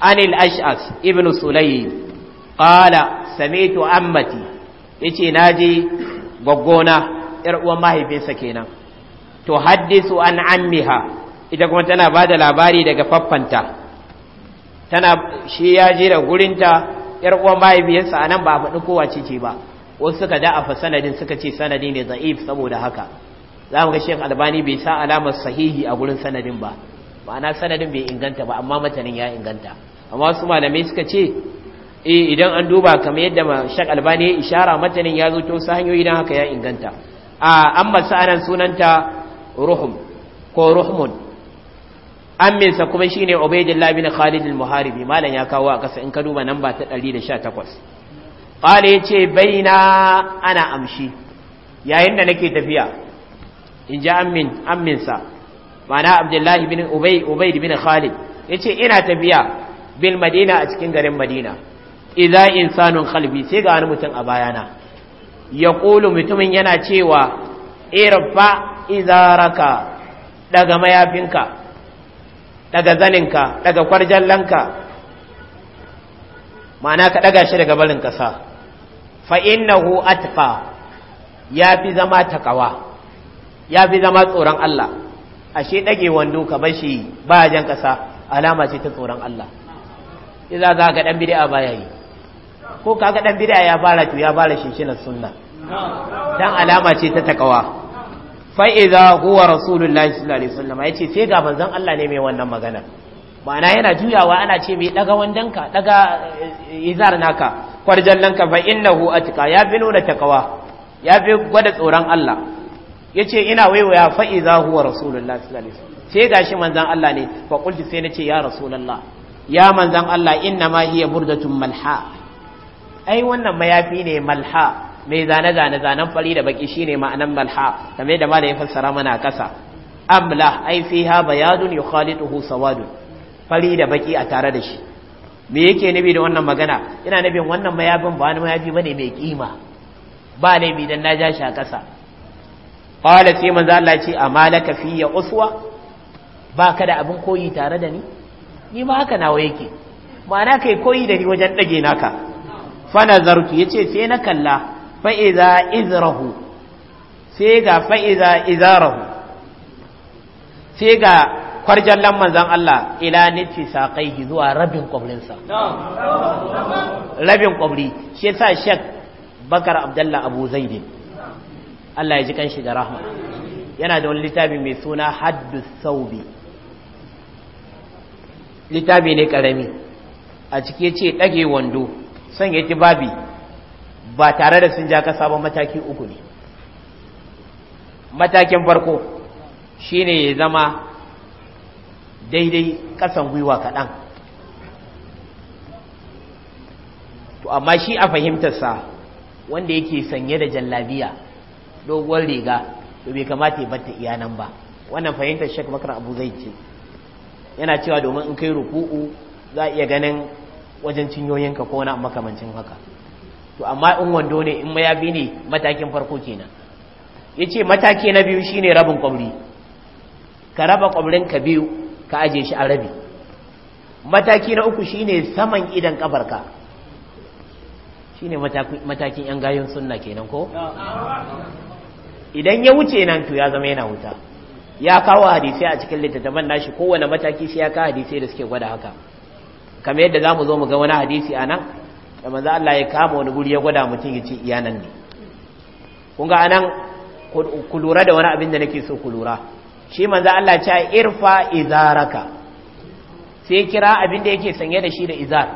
anil ash'as ibnu sulayy qala sami'tu ammati yace naji gaggona yar uwan mahaifinsa kenan to haddisu an ammiha ita kuma tana ba da labari daga faffanta tana shi ya je da gurinta yar uwa mahaifiyarsa a nan ba a faɗi kowa ciki ba wasu suka da a fa sanadin suka ce sanadi ne za'if saboda haka za mu ga shi albani bai sa alamar sahihi a gurin sanadin ba ma'ana sanadin bai inganta ba amma matanin ya inganta amma wasu malamai suka ce eh idan an duba kamar yadda shak albani ya ishara matanin ya zo to sa hanyoyi don haka ya inganta a amma sa'anan sunanta ruhum ko ruhmun amminsa kuma shine ubaydillah bin khalid al-muharibi malam ya kawo a kasa in ka duba namba ta 118 qala yace baina ana amshi yayin da nake tafiya in ji amminsa mana abdullahi bin ubay bin khalid ce ina tafiya bil madina a cikin garin madina in insanun khalbi sai ga wani mutum a bayana ƙulu mutumin yana cewa irfa eh, izaraka daga mayafinka daga zaninka daga kwarjallanka ma'ana ka daga shi daga barin ƙasa fa innahu atqa ya fi zama takawa ya fi zama tsoron Allah ashe dage wando ka bashi ba jan ƙasa alama ce ta tsoron Allah idan za ka dan bid'a baya yi ko kaga dan bid'a ya fara to ya fara na sunna dan alama ce ta takawa fa'iza huwa rasulullahi sallallahu alaihi wasallam ya ce sai ga manzon Allah ne mai wannan magana ma'ana yana juyawa ana ce mai daga wandanka daga eh, izar naka na fa innahu atqa ya fi nuna takawa ya fi gwada tsoron Allah yace ina waiwaya fa'iza huwa rasulullahi sallallahu alaihi wasallam sai gashi manzon Allah ne fa qulti sai nace ya rasulullah ya manzon Allah inna ma hiya burdatun malha ai wannan mayafi ne malha mai zane-zane zanen fari da baki shine ma'anan malha kamar da malamin fassara mana kasa amla ai ha bayadun Khalidu sawadun fari da baki a tare da shi me yake nabi da wannan magana ina nabin wannan mayabin ba wani ba ne mai kima ba laifi dan na ja shi a kasa qala sai manzo Allah ce amalaka fiyya uswa ka da abin koyi tare da ni ni ma haka nawa yake ma'ana kai koyi da ni wajen dage naka fa nazartu yace sai na kalla fa'iza izrahu sai ga fa'iza izarahu sai ga kwarjallan manzan Allah ila nufi saƙaihi zuwa rabin ƙwabrinsa rabin ƙwabri shi sa shek bakar abdalla abu zaidi Allah ya ji kan shi da rahama. yana da wani littafi mai suna haddu saubi littafi ne ƙarami a ciki ce ɗage wando sanya ya babi ba tare da sun ja kasa ba mataki uku ne matakin farko shine ya zama daidai kasan gwiwa kaɗan to amma shi a fahimtarsa wanda yake sanye da jallabiya doguwar riga to bai kamata ya batta iyanan ba wannan fahimtar shek bakar abu zai ce yana cewa domin in kai ruku'u za a iya ganin wajen cinyoyinka ko wani makamancin haka to amma in wando ne in bi ne matakin farko kenan ya ce mataki na biyu shine rabin kwabri ka raba kwabrin ka biyu ka aje shi a rabi mataki na uku shine saman idan kafarka shine matakin yan gayon sunna kenan ko idan ya wuce nan to ya zama yana wuta ya kawo hadisai a cikin littattafan nashi kowane mataki shi ya kawo hadisai da suke gwada haka kamar yadda za mu zo mu ga wani hadisi a nan da manzo Allah ya kama wani guri ya gwada mutum ya ce iya nan ne kun ga anan ku lura da wani abin da nake so ku lura shi manzo Allah ya ce irfa izaraka sai kira abin da yake sanye da shi da izar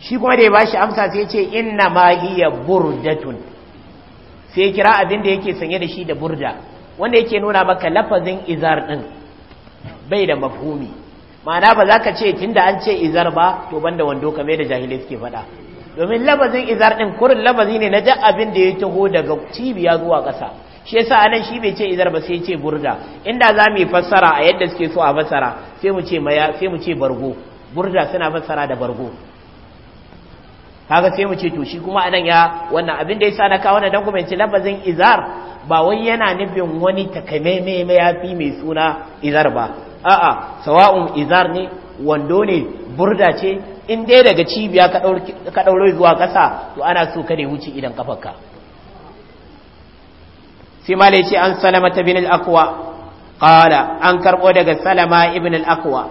shi kuma da ya bashi amsa sai ya ce inna ma hiya burdatun sai kira abin da yake sanye da shi da burda wanda yake nuna maka lafazin izar din bai da mafhumi ma'ana ba za ka ce tunda an ce izar ba to banda wando kame da jahilai suke faɗa domin labazin izar ɗin kurin labazi ne na duk abin da ya taho daga cibiya zuwa ƙasa shi yasa anan shi bai ce izar ba sai ce burda inda za mu yi fassara a yadda suke so a fassara sai mu ce maya sai mu ce bargo burda suna fassara da bargo kaga sai mu ce to shi kuma anan ya wannan abin da yasa na kawo na dan kuma ce labazin izar ba wai yana nufin wani takamaimai mayafi mai suna izar ba a'a sawa'un izar ne wando ne burda ce in dai daga cibiya ka ɗauro zuwa ƙasa to ana so ka ne wuce idan kafarka sai ma ce an salama ta binil Akwa. ƙala an karɓo daga salama ibn al-Akwa.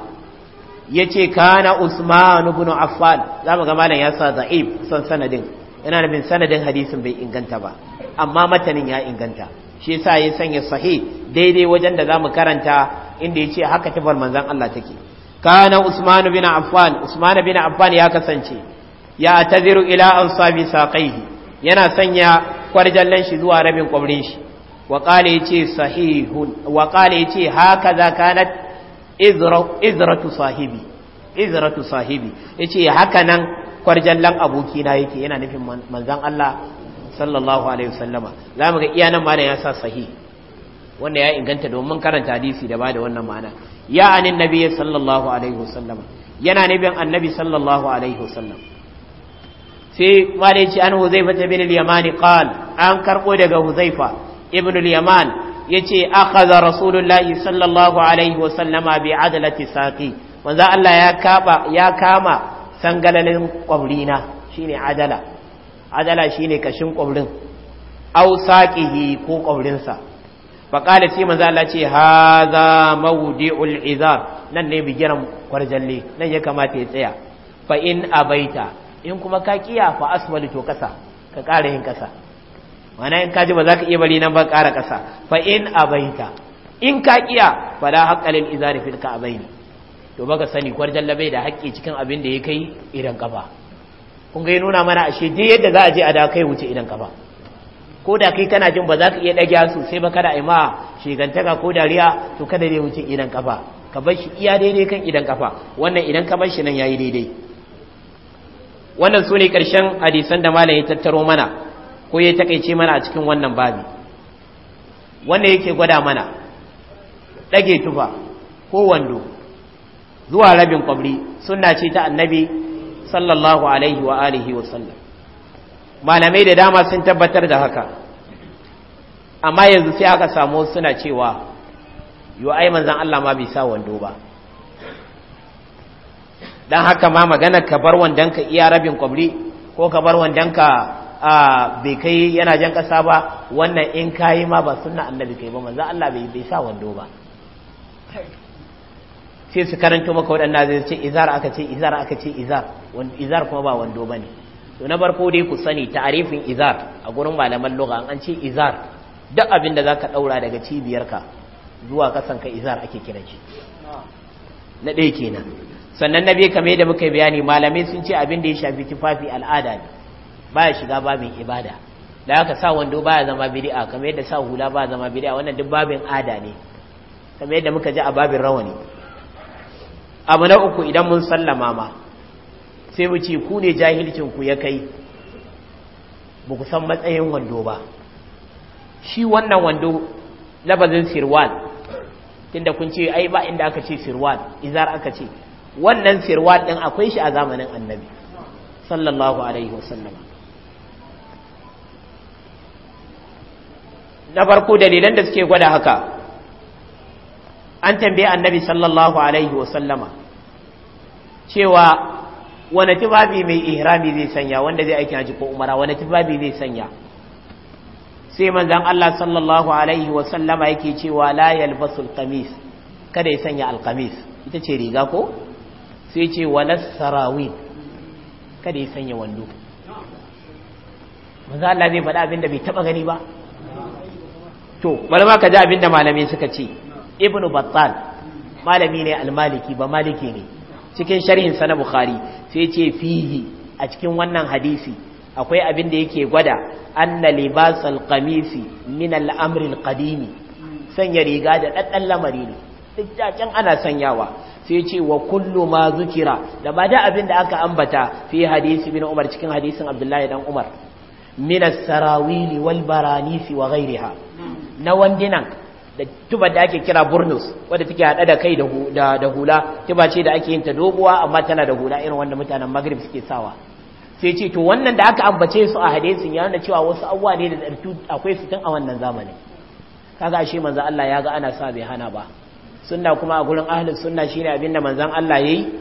ya ce kana Usmanu bin affan za mu ga malam ya sa za'ib son sanadin yana da bin sanadin hadisin bai inganta ba amma matanin ya inganta shi yasa ya sanya sahih daidai wajen da zamu karanta inda yace haka tafar manzon Allah take kana usman bin affan usman bin affan ya kasance ya taziru ila ansabi saqaihi yana sanya kwarjallan shi zuwa rabin kwabrin shi wa qala yace sahihun wa qala yace hakaza kanat izratu sahibi izratu sahibi yace haka nan kwarjallan abokina yake yana nufin manzon Allah sallallahu alaihi wasallama za mu ga iya nan mana ya sa sahi wanda ya inganta domin karanta hadisi da ba da wannan ma'ana ya anin nabi sallallahu alaihi wasallama yana nabin annabi sallallahu alaihi wasallam sai malai ce an huzaifa ta bin al-yamani qal an karbo daga huzaifa ibn al-yaman yace akhadha rasulullahi sallallahu alaihi wasallama bi adlati saqi manzo Allah ya kaba ya kama sangalalin kwabrina shine adala adala shine kashin kwaurin aw ko kwaurinsa fa qala sai manzo ha ce hadha mawdi'ul nan ne bigiran kwarjalle nan ya kamata ya tsaya fa in abaita in kuma ka kiya fa aswalu to kasa ka ƙara yin kasa mana in kaji ba za ka iya bari nan ba ƙara kasa fa in abaita in ka kiya fa da haƙalin filka a fil ne to baka sani kwarjalle bai da haƙƙi cikin abin da ya kai irin ƙafa. kun ga nuna mana ashe je yadda za a je a da kai wuce idan ka ba ko da kai kana jin ba za ka iya ɗage su sai ba kada a yi ma shigantaka ko dariya to kada dai wuce idan ka ba ka bar shi iya daidai kan idan ba wannan idan ka bar shi nan yayi daidai wannan sune karshen hadisan da malam ya tattaro mana ko ya takeice mana a cikin wannan babi wanda yake gwada mana ɗage tufa ko wando zuwa rabin kwabri sunna ce ta annabi sallallahu alaihi wa alihi wa sallam malamai da dama sun tabbatar da haka amma yanzu sai aka samu suna cewa yi ai manzan Allah ma bai sa wando ba don haka ma magana ka bar wandonka iya rabin kwabri ko ka bar wandonka bai kai yana jan ƙasa ba wannan in kayi ma ba suna annabi kai ba manzan Allah bai sa wando ba sai su karanto maka waɗanda zai ce izar aka ce izar aka ce izar izar kuma ba wando ba ne to na farko dai ku sani ta'arifin izar a gurin malaman lugha an ce izar duk abin da zaka daura daga cibiyarka zuwa kasan ka izar ake kiran shi na ɗaya kenan sannan na nabi kame da muka bayani malamai sun ce abin da ya shafi tufafi al'ada ne ya shiga babin ibada da aka sa wando ba ya zama bid'a kamar yadda sa hula ya zama bid'a wannan duk babin ada ne kamar yadda muka ji a babin rawani abu na uku idan mun sallama ma sai mu ce ku ne jahilcin ku ya kai ba ku san matsayin wando ba shi wannan wando labazin sirwal tunda kun ce ai ba inda aka ce sirwal izar aka ce wannan sirwal din akwai shi a zamanin annabi sallallahu alaihi wasallam na farko dalilan da suke gwada haka an tambaye annabi sallallahu alaihi wasallama cewa wani tufafi mai ihrami zai sanya wanda zai aiki haji ko umara wani tufafi zai sanya sai manzan Allah sallallahu alaihi wa sallama yake cewa la yalbasu alqamis kada ya sanya alqamis ita ce riga ko sai ce walas sarawin kada ya sanya wando manzan Allah zai faɗa abinda bai taba gani ba to bari ma ka ji abinda malamai suka ce ibnu battal malami ne almaliki ba maliki ne cikin sharhin sa na bukhari sai ce fihi a cikin wannan hadisi akwai abin da yake gwada anna libasal qamisi min al-amri al sanya riga da daddan lamari ne duk can ana sanyawa sai ce wa kullu ma zukira da ba da abin da aka ambata fi hadisi bin umar cikin hadisin abdullahi dan umar min as-sarawili wal baranisi wa ghayriha na wandinan da tuba da ake kira burnus wadda take hada da kai da hula tuba ce da ake yin ta doguwa amma tana da hula irin wanda mutanen magrib suke sawa sai ce to wannan da aka ambace su a hadisin ya nuna cewa wasu abuwa ne da akwai su tun a wannan zamanin kaga ashe manzo Allah ya ga ana sa bai hana ba sunna kuma a gurin ahlus sunna shine abinda manzon Allah yayi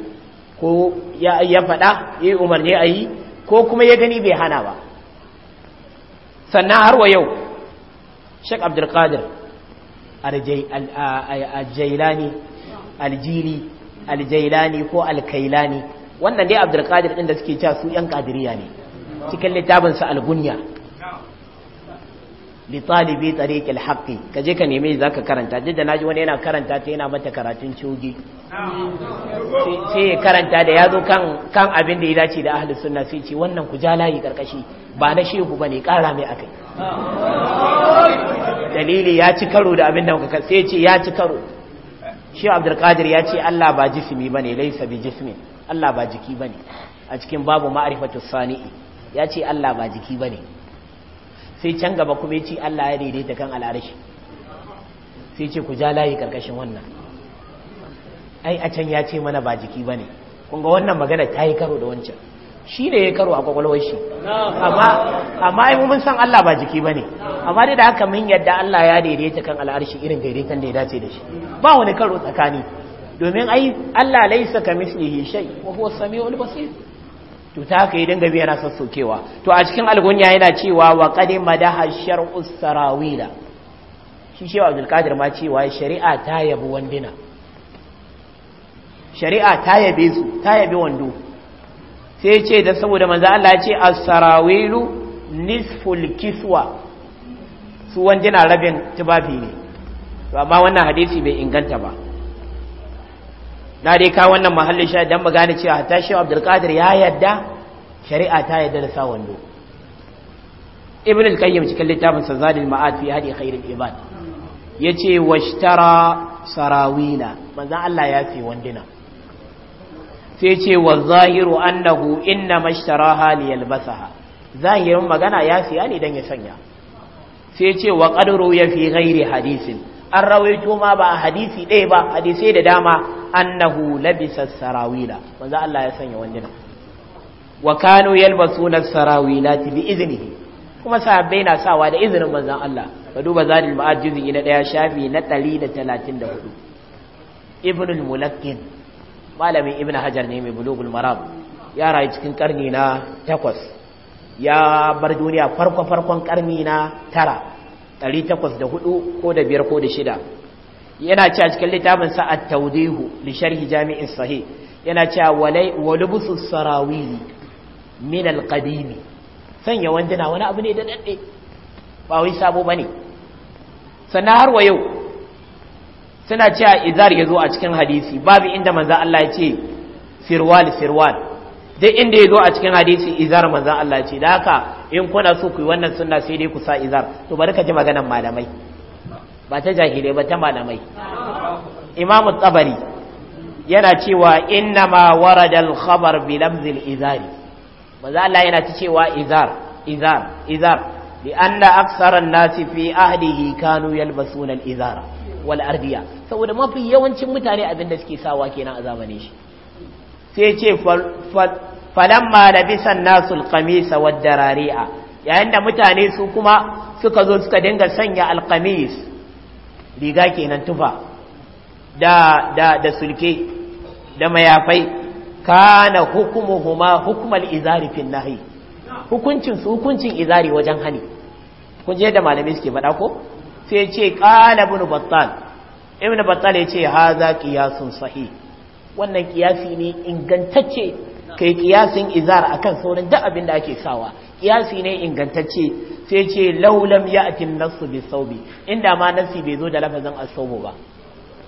ko ya ya fada yayi umarni ayi ko kuma ya gani bai hana ba sannan har wa yau Sheikh Abdul Qadir aljailani aljiri aljailani ko alkailani wannan dai abdulkadir din da suke cewa su yan kadiriya ne cikin littafin algunya li talibi tariqil haqqi kaje ka neme zaka karanta duk da naji wani yana karanta ta yana mata karatun cogi sai karanta da yazo kan kan abin da ya dace da ahlus sunna sai ce wannan ku ja layi karkashi ba na shehu bane kara mai akai dalili ya ci karo da abin da kuka sai ce ya ci karo shi abdul qadir ya ce Allah ba jismi bane laysa bi jismi Allah ba jiki bane a cikin babu ma'rifatu sani'i ya ce Allah ba jiki bane sai can gaba kuma ya ce Allah ya daidaita kan al'arashi sai ce ku ja layi karkashin wannan ai a can ya ce mana ba jiki ba ne kunga wannan magana ta yi karo da wancan shi ne ya karo a kwakwalwar shi amma yi mun san Allah ba jiki ba ne amma dai da haka mun yadda Allah ya daidaita kan al'arshi irin daidaitan da ya dace da shi ba wani karo tsakani domin ai Allah laisa ka mislihi shay wa huwa basir to ta haka idan gabi yana sassokewa to a cikin algunya yana cewa wa madaha shar'u sarawila shi shewa abdul qadir ma cewa shari'a ta yabi wandina shari'a ta yabe su ta yabe wando sai ce da saboda manzo Allah ya ce as-sarawilu nisful kiswa su wandina rabin tubabi ne amma wannan hadisi bai inganta ba na dai ka wannan mahallin sha dan magana cewa hatta shi Abdulkadir ya yadda shari'a ta yadda da sa wando Ibn al-Qayyim cikin littafin sa Zadul Ma'ad fi hadi khairul ibad yace washtara sarawina manzo Allah ya fi wanduna sai yace wa zahiru annahu inna mashtaraha liyalbasaha zahirin magana ya siya ne dan ya sanya sai yace wa qadru ya fi ghairi hadisin an rawaito ma ba a hadisi ɗaya ba hadisai da dama annahu labisa sarawila manzo Allah ya sanya wanduna wa kanu yalbasuna sarawilati bi iznihi kuma sahabbai na sawa da izinin manzon Allah ka duba zadil ma'ad juz'i na daya shafi na 134 ibn al-mulakkin malamin ibn hajar ne mai bulugul maram ya rayu cikin karni na 8 ya bar duniya farko farkon karni na 9 804 ko da biyar ko da shida yana cewa cikin littafin sa at-tawdihu li sharhi jami'in sahih yana cewa walai walubusu sarawili min al-qadim sanya wanduna wani abu ne da dadde ba wai sabo bane sannan har wa yau suna cewa ya yazo a cikin hadisi babu inda manzo Allah ya ce firwal firwal duk inda ya zo a cikin hadisi izar manzan Allah ce da haka in kuna so ku yi wannan sunna sai dai ku sa izar to bari ka ji maganar malamai ba ta jahilai ba ta malamai imamu tsabari yana cewa inna ma waradal khabar bi lamzil izari manzan Allah yana ta cewa izar izar izar bi anna aksara nasi fi ahlihi kanu yalbasuna al-izara wal ardiya saboda mafi yawancin mutane abin da suke sawa kenan a zamanin shi sai ce falamma malabisan nasu alqamisa wadda rari'a yayin da mutane su kuma suka zo suka dinga sanya alkamis riga kenan tufa da da da sulke da mayafai kana hukumuhuma hukumar izari fil nahi hukuncin su hukuncin izari wajen hani kun je da malamai suke faɗa ko sai ce qala ibn battal ibn battal ya ce haza qiyasun sahih wannan kiyasi ne ingantacce kai kiyasin izar akan sauran duk abin da ake sawa kiyasi ne ingantacce sai ce laulam ya'ti nasu bi saubi inda ma nasi bai zo da lafazin as-saubu ba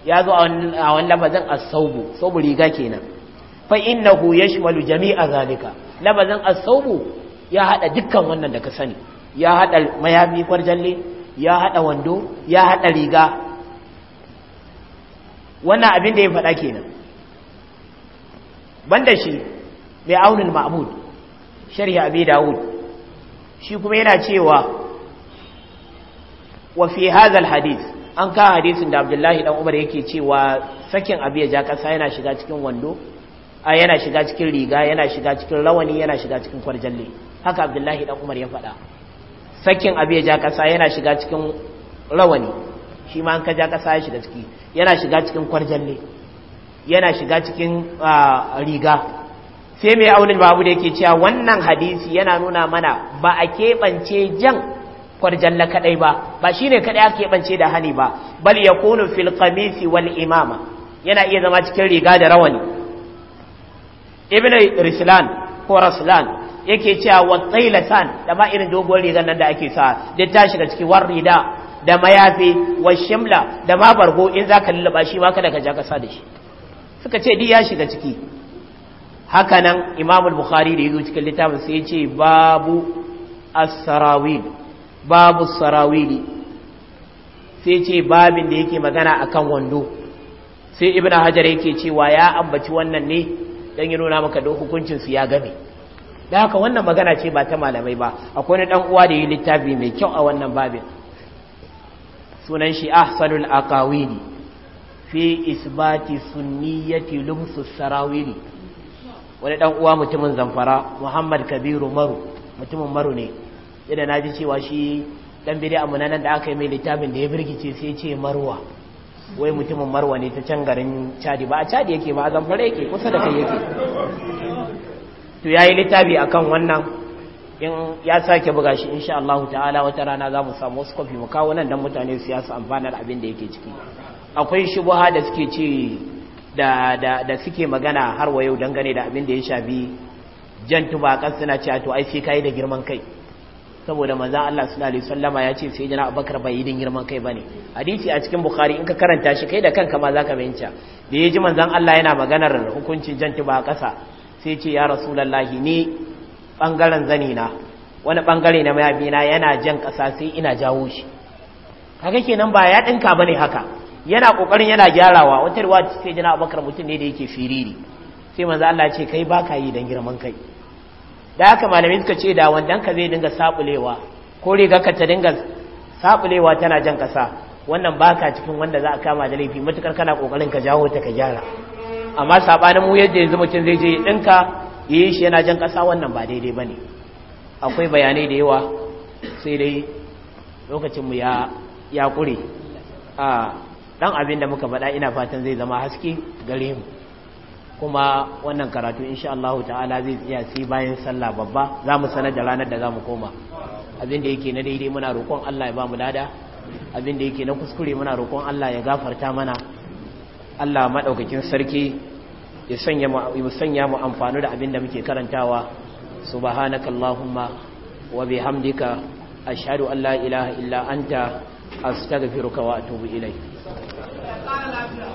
ya zo a wani lafazin as-saubu saubu riga kenan fa innahu yashmalu jami'a zalika lafazin as-saubu ya hada dukkan wannan da ka sani ya hada mayafi kwarjalle ya hada wando ya hada riga wannan abin da ya faɗa kenan banda shi mai aunin ma'amud shari'a abi dawud shi kuma yana cewa wa fi hadal hadith an ka hadisin da abdullahi dan umar yake cewa sakin abu ya ja kasa yana shiga cikin wando a yana shiga cikin riga yana shiga cikin rawani yana shiga cikin kwarjalle haka abdullahi dan umar ya faɗa sakin abu ya ja kasa yana shiga cikin rawani shi ma an ka ja kasa ya shiga ciki yana shiga cikin kwarjalle yana shiga cikin ah, riga sai mai aunin babu da yake cewa wannan hadisi yana nuna mana ba a keɓance jan kwarjalla kaɗai ba ba shine kaɗai aka keɓance da hani ba bal ya fil qamisi wal imama yana iya zama cikin riga da rawani ibn rislan ko raslan yake cewa wa tailatan da ma irin dogon rigar nan da ake sa da ta shiga ciki war Rida da mayafi wa shimla da ma bargo in ka lullaba shi ma kada ka ja kasa da shi suka ce di ya shiga ciki hakanan nan imam bukhari da yazo cikin littafin sai ya ce babu as-sarawil babu sarawili sai ce babin da yake magana akan wando sai ibnu hajar yake cewa ya ambaci wannan ne dan ya nuna maka dokokin hukuncin su ya game da haka wannan magana ce ba ta malamai ba akwai ni dan uwa da yi littafi mai kyau a wannan babin sunan shi ahsanul aqawili fi isbati sunniyati lumsu sarawili wani ɗan uwa mutumin zamfara muhammad kabiru maru mutumin maru ne idan na ji cewa shi dan bidi a munanan da aka yi mai littafin da ya birgice sai ce maruwa. wai mutumin maruwa ne ta can garin cadi ba a cadi yake ba a zamfara yake kusa da kai yake to ya yi littafi a kan wannan in ya sake buga shi insha Allah ta'ala wata rana za mu samu wasu kwafi mu kawo nan don mutane su yasa su amfanar abin da yake ciki akwai shubuha da suke ce da da da suke magana har wa yau dangane da abin da ya shafi jan tubakan suna cewa to ai sai kai da girman kai saboda manzon Allah sallallahu alaihi wasallama ya ce sai jana Abubakar bai yi din girman kai bane hadisi a cikin Bukhari in ka karanta shi kai da kanka ma zaka bayyana da yaji manzon Allah yana maganar hukuncin jan tuba kasa sai ce ya rasulullahi ni bangaren zani na wani bangare na na yana jan kasa sai ina jawo shi kaga kenan ba ya dinka bane haka yana kokarin yana gyarawa wata ta ce jina abakar mutum ne da yake firiri sai manzo Allah ce kai baka yi dan girman kai da haka malamin suka ce da wandan ka zai dinga sabulewa ko riga ka ta dinga sabulewa tana jan kasa wannan baka cikin wanda za a kama da laifi matukar kana kokarin ka jawo ta ka gyara amma sabanin mu yadda yanzu mutum zai je dinka yayi shi yana jan kasa wannan ba daidai bane akwai bayanai da yawa sai dai lokacin mu ya ya kure a ah, dan abin da muka faɗa ina fatan zai zama haske gare mu kuma wannan karatu insha Allah ta'ala zai tsaya sai bayan sallah babba za mu sanar da ranar da za mu koma abin da yake na daidai muna roƙon Allah ya ba mu lada abin da yake na kuskure muna roƙon Allah ya gafarta mana Allah madaukakin sarki ya sanya mu ya sanya mu amfani da abin da muke karantawa subhanakallahumma wa bihamdika ashhadu an la ilaha illa anta astaghfiruka wa atubu ilayk ọ̀rọ̀ àlàáfíà.